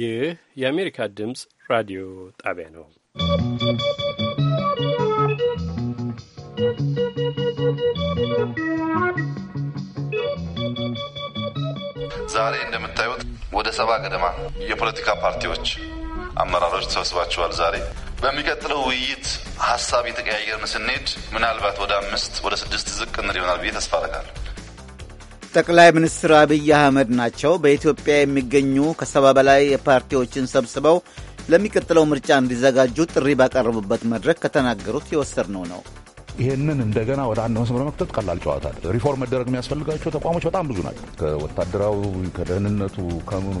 ይህ የአሜሪካ ድምፅ ራዲዮ ጣቢያ ነው። ዛሬ እንደምታዩት ወደ ሰባ ገደማ የፖለቲካ ፓርቲዎች አመራሮች ተሰብስባቸዋል። ዛሬ በሚቀጥለው ውይይት ሀሳብ የተቀያየርን ስንሄድ ምናልባት ወደ አምስት ወደ ስድስት ዝቅ እንል ይሆናል ብዬ ተስፋ አደርጋለሁ። ጠቅላይ ሚኒስትር አብይ አህመድ ናቸው። በኢትዮጵያ የሚገኙ ከሰባ በላይ የፓርቲዎችን ሰብስበው ለሚቀጥለው ምርጫ እንዲዘጋጁ ጥሪ ባቀረቡበት መድረክ ከተናገሩት የወሰድነው ነው። ይህንን እንደገና ወደ አንድ መስመር መክተት ቀላል ጨዋታ አለ። ሪፎርም መደረግ የሚያስፈልጋቸው ተቋሞች በጣም ብዙ ናቸው። ከወታደራዊ ከደህንነቱ፣ ከምኑ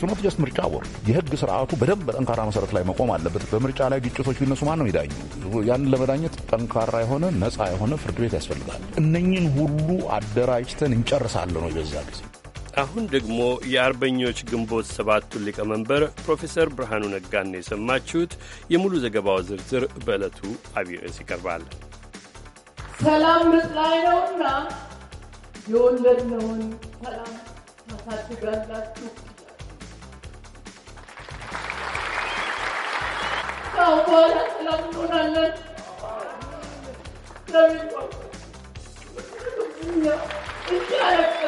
ትኖት ጀስት ምርጫ ወር የህግ ስርዓቱ በደንብ በጠንካራ መሰረት ላይ መቆም አለበት። በምርጫ ላይ ግጭቶች ቢነሱ ማን ነው ይዳኙ? ያንን ለመዳኘት ጠንካራ የሆነ ነፃ የሆነ ፍርድ ቤት ያስፈልጋል። እነኝን ሁሉ አደራጅተን እንጨርሳለ ነው የበዛ ጊዜ አሁን ደግሞ የአርበኞች ግንቦት ሰባቱን ሊቀመንበር ፕሮፌሰር ብርሃኑ ነጋን የሰማችሁት። የሙሉ ዘገባው ዝርዝር በዕለቱ አብይ ርዕስ ይቀርባል። ሰላምት ላይ ነውና የወለድነውን ሰላም ታሳድጋላችሁ። በኋላ ሰላም እንሆናለን። ለሚ እኛ እያለቀ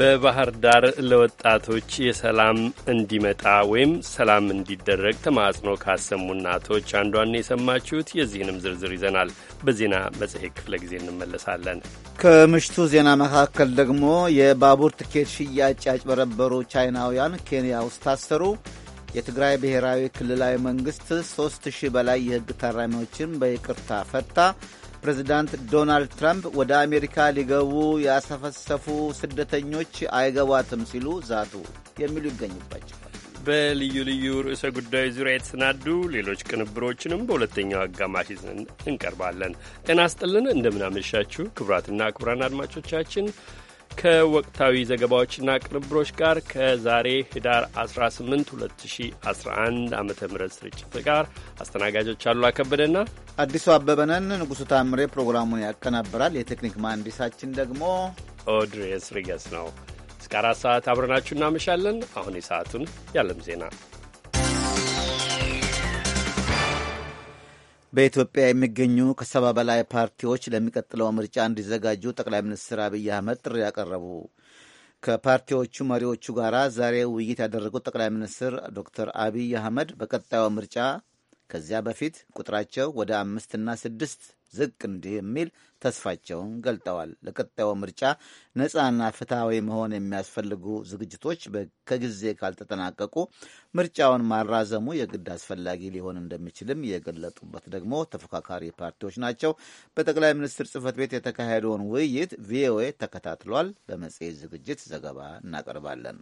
በባህር ዳር ለወጣቶች የሰላም እንዲመጣ ወይም ሰላም እንዲደረግ ተማጽኖ ካሰሙ እናቶች አንዷን የሰማችሁት። የዚህንም ዝርዝር ይዘናል። በዜና መጽሔት ክፍለ ጊዜ እንመለሳለን። ከምሽቱ ዜና መካከል ደግሞ የባቡር ትኬት ሽያጭ ያጭበረበሩ ቻይናውያን ኬንያ ውስጥ ታሰሩ፣ የትግራይ ብሔራዊ ክልላዊ መንግስት ሶስት ሺህ በላይ የህግ ታራሚዎችን በይቅርታ ፈታ ፕሬዚዳንት ዶናልድ ትራምፕ ወደ አሜሪካ ሊገቡ ያሰፈሰፉ ስደተኞች አይገባትም ሲሉ ዛቱ የሚሉ ይገኙባቸዋል። በልዩ ልዩ ርዕሰ ጉዳዮች ዙሪያ የተሰናዱ ሌሎች ቅንብሮችንም በሁለተኛው አጋማሽ ይዘን እንቀርባለን። ጤና ስጥልን እንደምናመሻችሁ ክቡራትና ክቡራን አድማጮቻችን ከወቅታዊ ዘገባዎችና ቅንብሮች ጋር ከዛሬ ህዳር 18 2011 ዓ ም ስርጭት ጋር አስተናጋጆች አሉ አከበደና አዲሱ አበበነን ንጉሡ ታምሬ ፕሮግራሙን ያቀናብራል። የቴክኒክ መሐንዲሳችን ደግሞ ኦድሬስ ሪገስ ነው። እስከ አራት ሰዓት አብረናችሁ እናመሻለን። አሁን የሰዓቱን ያለም ዜና በኢትዮጵያ የሚገኙ ከሰባ በላይ ፓርቲዎች ለሚቀጥለው ምርጫ እንዲዘጋጁ ጠቅላይ ሚኒስትር አብይ አህመድ ጥሪ ያቀረቡ። ከፓርቲዎቹ መሪዎቹ ጋር ዛሬ ውይይት ያደረጉት ጠቅላይ ሚኒስትር ዶክተር አብይ አህመድ በቀጣዩ ምርጫ ከዚያ በፊት ቁጥራቸው ወደ አምስትና ስድስት ዝቅ እንዲህ የሚል ተስፋቸውን ገልጠዋል። ለቀጣዩ ምርጫ ነፃና ፍትሐዊ መሆን የሚያስፈልጉ ዝግጅቶች ከጊዜ ካልተጠናቀቁ ምርጫውን ማራዘሙ የግድ አስፈላጊ ሊሆን እንደሚችልም የገለጡበት ደግሞ ተፎካካሪ ፓርቲዎች ናቸው። በጠቅላይ ሚኒስትር ጽህፈት ቤት የተካሄደውን ውይይት ቪኦኤ ተከታትሏል። በመጽሔት ዝግጅት ዘገባ እናቀርባለን።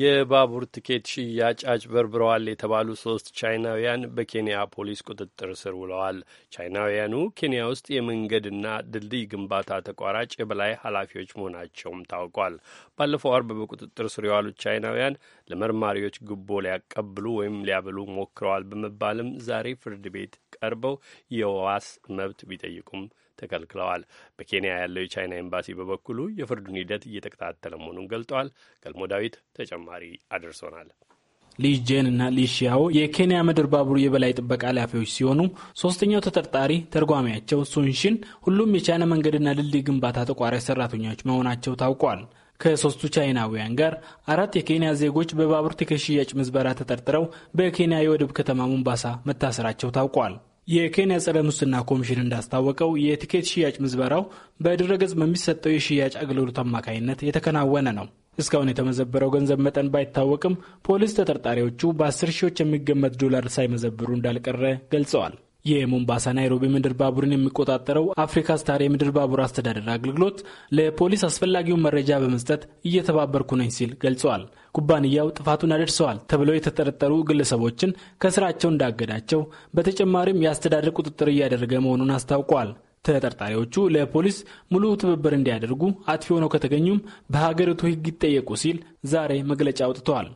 የባቡር ትኬት ሽያጭ አጭበርብረዋል የተባሉ ሶስት ቻይናውያን በኬንያ ፖሊስ ቁጥጥር ስር ውለዋል። ቻይናውያኑ ኬንያ ውስጥ የመንገድና ድልድይ ግንባታ ተቋራጭ የበላይ ኃላፊዎች መሆናቸውም ታውቋል። ባለፈው አርብ በቁጥጥር ስር የዋሉት ቻይናውያን ለመርማሪዎች ጉቦ ሊያቀብሉ ወይም ሊያበሉ ሞክረዋል በመባልም ዛሬ ፍርድ ቤት ቀርበው የዋስ መብት ቢጠይቁም ተከልክለዋል። በኬንያ ያለው የቻይና ኤምባሲ በበኩሉ የፍርዱን ሂደት እየተከታተለ መሆኑን ገልጠዋል። ገልሞ ዳዊት ተጨማሪ አድርሶናል። ሊጄን እና ሊሺያው የኬንያ ምድር ባቡር የበላይ ጥበቃ ኃላፊዎች ሲሆኑ ሶስተኛው ተጠርጣሪ ተርጓሚያቸው ሱንሽን ሁሉም የቻይና መንገድና ድልድይ ግንባታ ተቋራጭ ሰራተኞች መሆናቸው ታውቋል። ከሶስቱ ቻይናውያን ጋር አራት የኬንያ ዜጎች በባቡር ትኬት ሽያጭ ምዝበራ ተጠርጥረው በኬንያ የወደብ ከተማ ሞምባሳ መታሰራቸው ታውቋል። የኬንያ ጸረ ሙስና ኮሚሽን እንዳስታወቀው የቲኬት ሽያጭ ምዝበራው በድረገጽ በሚሰጠው የሽያጭ አገልግሎት አማካኝነት የተከናወነ ነው። እስካሁን የተመዘበረው ገንዘብ መጠን ባይታወቅም ፖሊስ ተጠርጣሪዎቹ በአስር ሺዎች የሚገመት ዶላር ሳይመዘብሩ እንዳልቀረ ገልጸዋል። የሞምባሳ ናይሮቢ ምድር ባቡርን የሚቆጣጠረው አፍሪካ ስታር የምድር ባቡር አስተዳደር አገልግሎት ለፖሊስ አስፈላጊውን መረጃ በመስጠት እየተባበርኩ ነኝ ሲል ገልጸዋል። ኩባንያው ጥፋቱን አደርሰዋል ተብለው የተጠረጠሩ ግለሰቦችን ከስራቸው እንዳገዳቸው፣ በተጨማሪም የአስተዳደር ቁጥጥር እያደረገ መሆኑን አስታውቋል። ተጠርጣሪዎቹ ለፖሊስ ሙሉ ትብብር እንዲያደርጉ አጥፊ ሆነው ከተገኙም በሀገሪቱ ሕግ ይጠየቁ ሲል ዛሬ መግለጫ አውጥተዋል።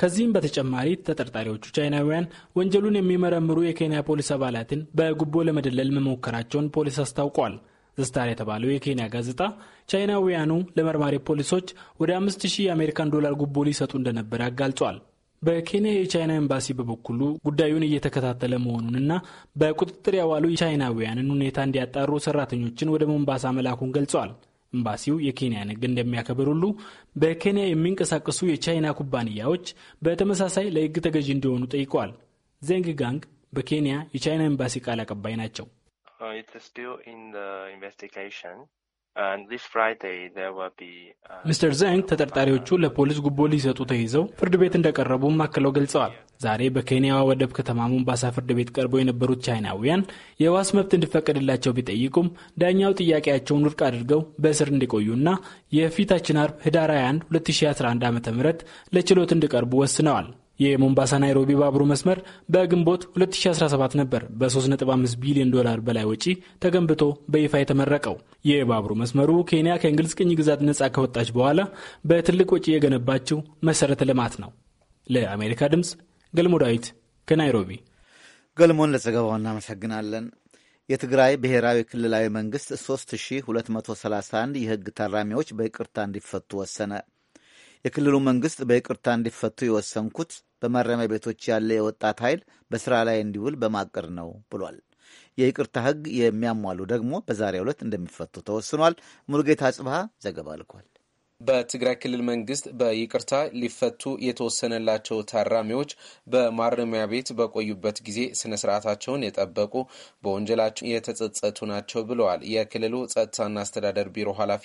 ከዚህም በተጨማሪ ተጠርጣሪዎቹ ቻይናውያን ወንጀሉን የሚመረምሩ የኬንያ ፖሊስ አባላትን በጉቦ ለመደለል መሞከራቸውን ፖሊስ አስታውቋል። ዝስታር የተባለው የኬንያ ጋዜጣ ቻይናውያኑ ለመርማሪ ፖሊሶች ወደ አምስት የአሜሪካን ዶላር ጉቦ ሊሰጡ እንደነበረ አጋልጿል። በኬንያ የቻይና ኤምባሲ በበኩሉ ጉዳዩን እየተከታተለ መሆኑንና በቁጥጥር ያዋሉ የቻይናውያንን ሁኔታ እንዲያጣሩ ሰራተኞችን ወደ ሞምባሳ መላኩን ገልጿል። ኤምባሲው የኬንያን ሕግ እንደሚያከብር ሁሉ በኬንያ የሚንቀሳቀሱ የቻይና ኩባንያዎች በተመሳሳይ ለሕግ ተገዢ እንዲሆኑ ጠይቋል። ዜንግ ጋንግ በኬንያ የቻይና ኤምባሲ ቃል አቀባይ ናቸው። uh, it's still in the investigation. ሚስተር ዘንግ uh, ተጠርጣሪዎቹ uh, ለፖሊስ ጉቦ ሊሰጡ ተይዘው ፍርድ ቤት እንደቀረቡም አክለው ገልጸዋል። ዛሬ በኬንያዋ ወደብ ከተማ ሞምባሳ ፍርድ ቤት ቀርበው የነበሩት ቻይናውያን የዋስ መብት እንዲፈቀድላቸው ቢጠይቁም ዳኛው ጥያቄያቸውን ውድቅ አድርገው በእስር እንዲቆዩና የፊታችን አርብ ህዳር 21 2011 ዓ ም ለችሎት እንዲቀርቡ ወስነዋል። የሞምባሳ ናይሮቢ ባቡሩ መስመር በግንቦት 2017 ነበር በ3.5 ቢሊዮን ዶላር በላይ ወጪ ተገንብቶ በይፋ የተመረቀው። የባቡሩ መስመሩ ኬንያ ከእንግሊዝ ቅኝ ግዛት ነፃ ከወጣች በኋላ በትልቅ ወጪ የገነባችው መሰረተ ልማት ነው። ለአሜሪካ ድምፅ ገልሞ ዳዊት ከናይሮቢ። ገልሞን ለዘገባው እናመሰግናለን። የትግራይ ብሔራዊ ክልላዊ መንግሥት 3231 የሕግ ታራሚዎች በይቅርታ እንዲፈቱ ወሰነ። የክልሉ መንግስት በይቅርታ እንዲፈቱ የወሰንኩት በማረሚያ ቤቶች ያለ የወጣት ኃይል በስራ ላይ እንዲውል በማቀድ ነው ብሏል። የይቅርታ ህግ የሚያሟሉ ደግሞ በዛሬው ዕለት እንደሚፈቱ ተወስኗል። ሙሉጌታ ጽብሃ ዘገባ ልኳል። በትግራይ ክልል መንግስት በይቅርታ ሊፈቱ የተወሰነላቸው ታራሚዎች በማረሚያ ቤት በቆዩበት ጊዜ ስነ ስርዓታቸውን የጠበቁ በወንጀላቸው የተጸጸቱ ናቸው ብለዋል የክልሉ ጸጥታና አስተዳደር ቢሮ ኃላፊ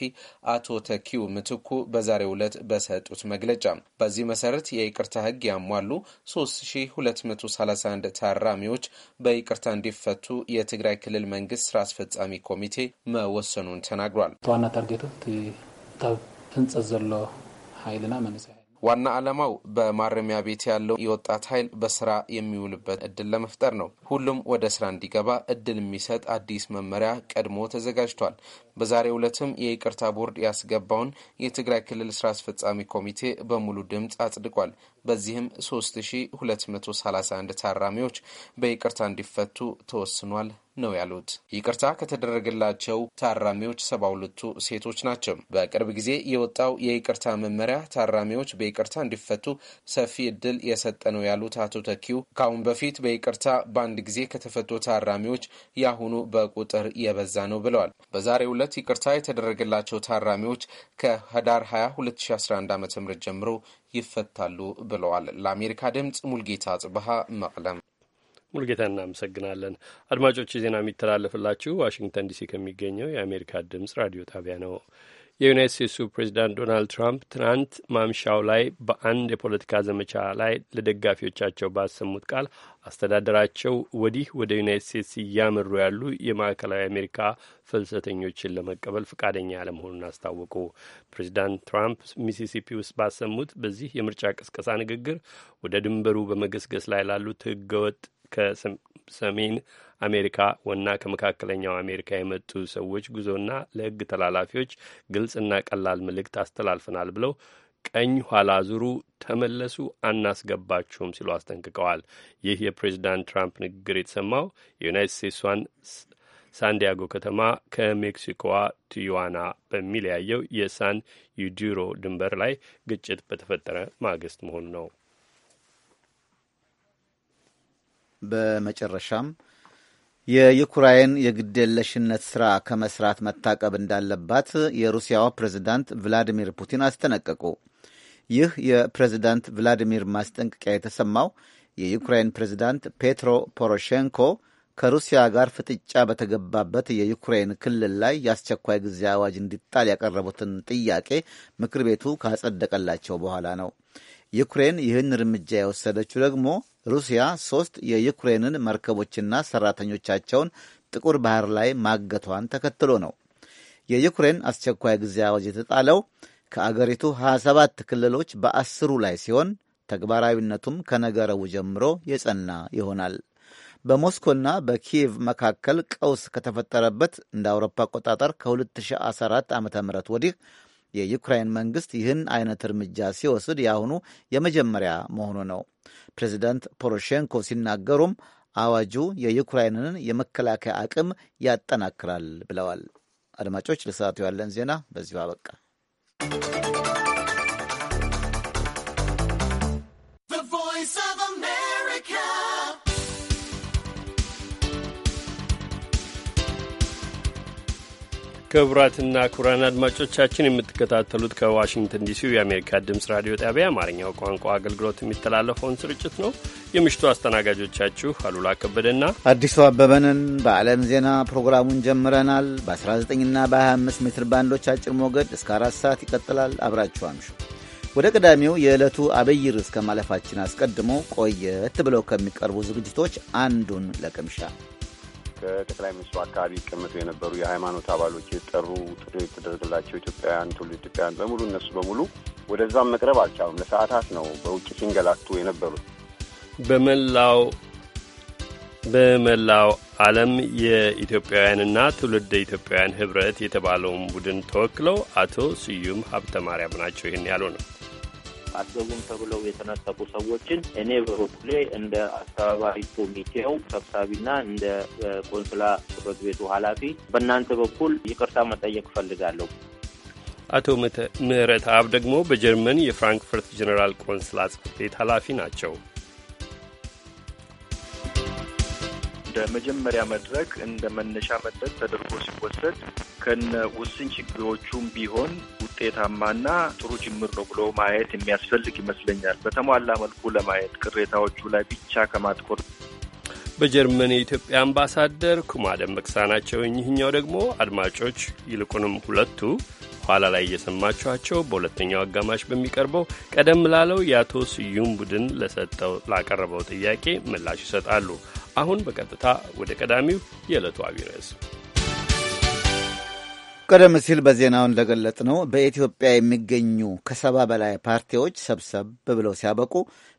አቶ ተኪው ምትኩ በዛሬው ዕለት በሰጡት መግለጫ። በዚህ መሰረት የይቅርታ ህግ ያሟሉ 3231 ታራሚዎች በይቅርታ እንዲፈቱ የትግራይ ክልል መንግስት ስራ አስፈጻሚ ኮሚቴ መወሰኑን ተናግሯል። ዋና ታርጌቱ ህንፀት ዘሎ ሓይልና መንእሰይ ዋና ዓላማው በማረሚያ ቤት ያለው የወጣት ኃይል በስራ የሚውልበት እድል ለመፍጠር ነው። ሁሉም ወደ ስራ እንዲገባ እድል የሚሰጥ አዲስ መመሪያ ቀድሞ ተዘጋጅቷል። በዛሬው ዕለትም የይቅርታ ቦርድ ያስገባውን የትግራይ ክልል ስራ አስፈጻሚ ኮሚቴ በሙሉ ድምፅ አጽድቋል። በዚህም 3231 ታራሚዎች በይቅርታ እንዲፈቱ ተወስኗል ነው ያሉት። ይቅርታ ከተደረገላቸው ታራሚዎች ሰባ ሁለቱ ሴቶች ናቸው። በቅርብ ጊዜ የወጣው የይቅርታ መመሪያ ታራሚዎች በይቅርታ እንዲፈቱ ሰፊ እድል የሰጠ ነው ያሉት አቶ ተኪው ከአሁን በፊት በይቅርታ በአንድ ጊዜ ከተፈቱ ታራሚዎች የአሁኑ በቁጥር የበዛ ነው ብለዋል። በዛሬው ዕለት ይቅርታ የተደረገላቸው ታራሚዎች ከህዳር 20 2011 ዓ ም ጀምሮ ይፈታሉ ብለዋል። ለአሜሪካ ድምፅ ሙልጌታ ጽብሃ መቅለም ሙልጌታ እናመሰግናለን። አድማጮች ዜና የሚተላለፍላችሁ ዋሽንግተን ዲሲ ከሚገኘው የአሜሪካ ድምጽ ራዲዮ ጣቢያ ነው። የዩናይት ስቴትሱ ፕሬዚዳንት ዶናልድ ትራምፕ ትናንት ማምሻው ላይ በአንድ የፖለቲካ ዘመቻ ላይ ለደጋፊዎቻቸው ባሰሙት ቃል አስተዳደራቸው ወዲህ ወደ ዩናይት ስቴትስ እያመሩ ያሉ የማዕከላዊ አሜሪካ ፍልሰተኞችን ለመቀበል ፈቃደኛ ያለመሆኑን አስታወቁ። ፕሬዚዳንት ትራምፕ ሚሲሲፒ ውስጥ ባሰሙት በዚህ የምርጫ ቅስቀሳ ንግግር ወደ ድንበሩ በመገስገስ ላይ ላሉት ህገወጥ ከሰሜን አሜሪካ ወና ከመካከለኛው አሜሪካ የመጡ ሰዎች ጉዞና ለሕግ ተላላፊዎች ግልጽና ቀላል ምልክት አስተላልፈናል ብለው ቀኝ ኋላ ዙሩ፣ ተመለሱ፣ አናስገባችሁም ሲሉ አስጠንቅቀዋል። ይህ የፕሬዚዳንት ትራምፕ ንግግር የተሰማው የዩናይትድ ስቴትሷን ሳንዲያጎ ከተማ ከሜክሲኮዋ ቲዩዋና በሚለያየው የሳን ዩዲሮ ድንበር ላይ ግጭት በተፈጠረ ማግስት መሆኑ ነው። በመጨረሻም የዩክራይን የግዴለሽነት ስራ ከመስራት መታቀብ እንዳለባት የሩሲያው ፕሬዝዳንት ቭላዲሚር ፑቲን አስጠነቀቁ። ይህ የፕሬዝዳንት ቭላዲሚር ማስጠንቀቂያ የተሰማው የዩክራይን ፕሬዝዳንት ፔትሮ ፖሮሼንኮ ከሩሲያ ጋር ፍጥጫ በተገባበት የዩክሬን ክልል ላይ የአስቸኳይ ጊዜ አዋጅ እንዲጣል ያቀረቡትን ጥያቄ ምክር ቤቱ ካጸደቀላቸው በኋላ ነው። ዩክሬን ይህን እርምጃ የወሰደችው ደግሞ ሩሲያ ሶስት የዩክሬንን መርከቦችና ሰራተኞቻቸውን ጥቁር ባህር ላይ ማገቷን ተከትሎ ነው። የዩክሬን አስቸኳይ ጊዜ አዋጅ የተጣለው ከአገሪቱ 27 ክልሎች በአስሩ ላይ ሲሆን ተግባራዊነቱም ከነገረው ጀምሮ የጸና ይሆናል። በሞስኮና በኪየቭ መካከል ቀውስ ከተፈጠረበት እንደ አውሮፓ አቆጣጠር ከ2014 ዓ ም ወዲህ የዩክራይን መንግስት ይህን አይነት እርምጃ ሲወስድ የአሁኑ የመጀመሪያ መሆኑ ነው። ፕሬዚደንት ፖሮሼንኮ ሲናገሩም አዋጁ የዩክራይንን የመከላከያ አቅም ያጠናክራል ብለዋል። አድማጮች፣ ለሰዓቱ ያለን ዜና በዚሁ አበቃ። ክቡራትና ክቡራን አድማጮቻችን የምትከታተሉት ከዋሽንግተን ዲሲ የአሜሪካ ድምፅ ራዲዮ ጣቢያ አማርኛው ቋንቋ አገልግሎት የሚተላለፈውን ስርጭት ነው። የምሽቱ አስተናጋጆቻችሁ አሉላ ከበደና አዲሱ አበበንን በዓለም ዜና ፕሮግራሙን ጀምረናል። በ19ና በ25 ሜትር ባንዶች አጭር ሞገድ እስከ አራት ሰዓት ይቀጥላል። አብራችሁ አምሹ። ወደ ቅዳሜው የዕለቱ አብይ ርዕስ ከማለፋችን አስቀድሞ ቆየት ብለው ከሚቀርቡ ዝግጅቶች አንዱን ለቅምሻ ከጠቅላይ ሚኒስትሩ አካባቢ ይቀመጡ የነበሩ የሃይማኖት አባሎች የጠሩ ጥሪ የተደረገላቸው ኢትዮጵያውያን፣ ትውልድ ኢትዮጵያውያን በሙሉ እነሱ በሙሉ ወደዛም መቅረብ አልቻሉም። ለሰዓታት ነው በውጭ ሲንገላቱ የነበሩት። በመላው በመላው ዓለም የኢትዮጵያውያንና ትውልደ ኢትዮጵያውያን ህብረት የተባለውን ቡድን ተወክለው አቶ ስዩም ሀብተ ማርያም ናቸው ይህን ያሉ ነው አትገቡም ተብለው የተነጠቁ ሰዎችን እኔ በበኩሌ እንደ አስተባባሪ ኮሚቴው ሰብሳቢና እንደ ቆንስላ ጽሕፈት ቤቱ ኃላፊ በእናንተ በኩል ይቅርታ መጠየቅ እፈልጋለሁ። አቶ ምህረት አብ ደግሞ በጀርመን የፍራንክፈርት ጀኔራል ቆንስላ ጽሕፈት ቤት ኃላፊ ናቸው። እንደ መጀመሪያ መድረክ እንደ መነሻ መድረክ ተደርጎ ሲወሰድ ከነ ውስን ችግሮቹም ቢሆን ውጤታማና ጥሩ ጅምር ነው ብሎ ማየት የሚያስፈልግ ይመስለኛል። በተሟላ መልኩ ለማየት ቅሬታዎቹ ላይ ብቻ ከማጥቆር በጀርመን የኢትዮጵያ አምባሳደር ኩማ ደመቅሳ ናቸው። እኚህኛው ደግሞ አድማጮች፣ ይልቁንም ሁለቱ ኋላ ላይ እየሰማችኋቸው በሁለተኛው አጋማሽ በሚቀርበው ቀደም ላለው የአቶ ስዩም ቡድን ለሰጠው ላቀረበው ጥያቄ ምላሽ ይሰጣሉ። አሁን በቀጥታ ወደ ቀዳሚው የዕለቱ አቢይ ርዕስ ቀደም ሲል በዜናው እንደገለጥ ነው በኢትዮጵያ የሚገኙ ከሰባ በላይ ፓርቲዎች ሰብሰብ ብለው ሲያበቁ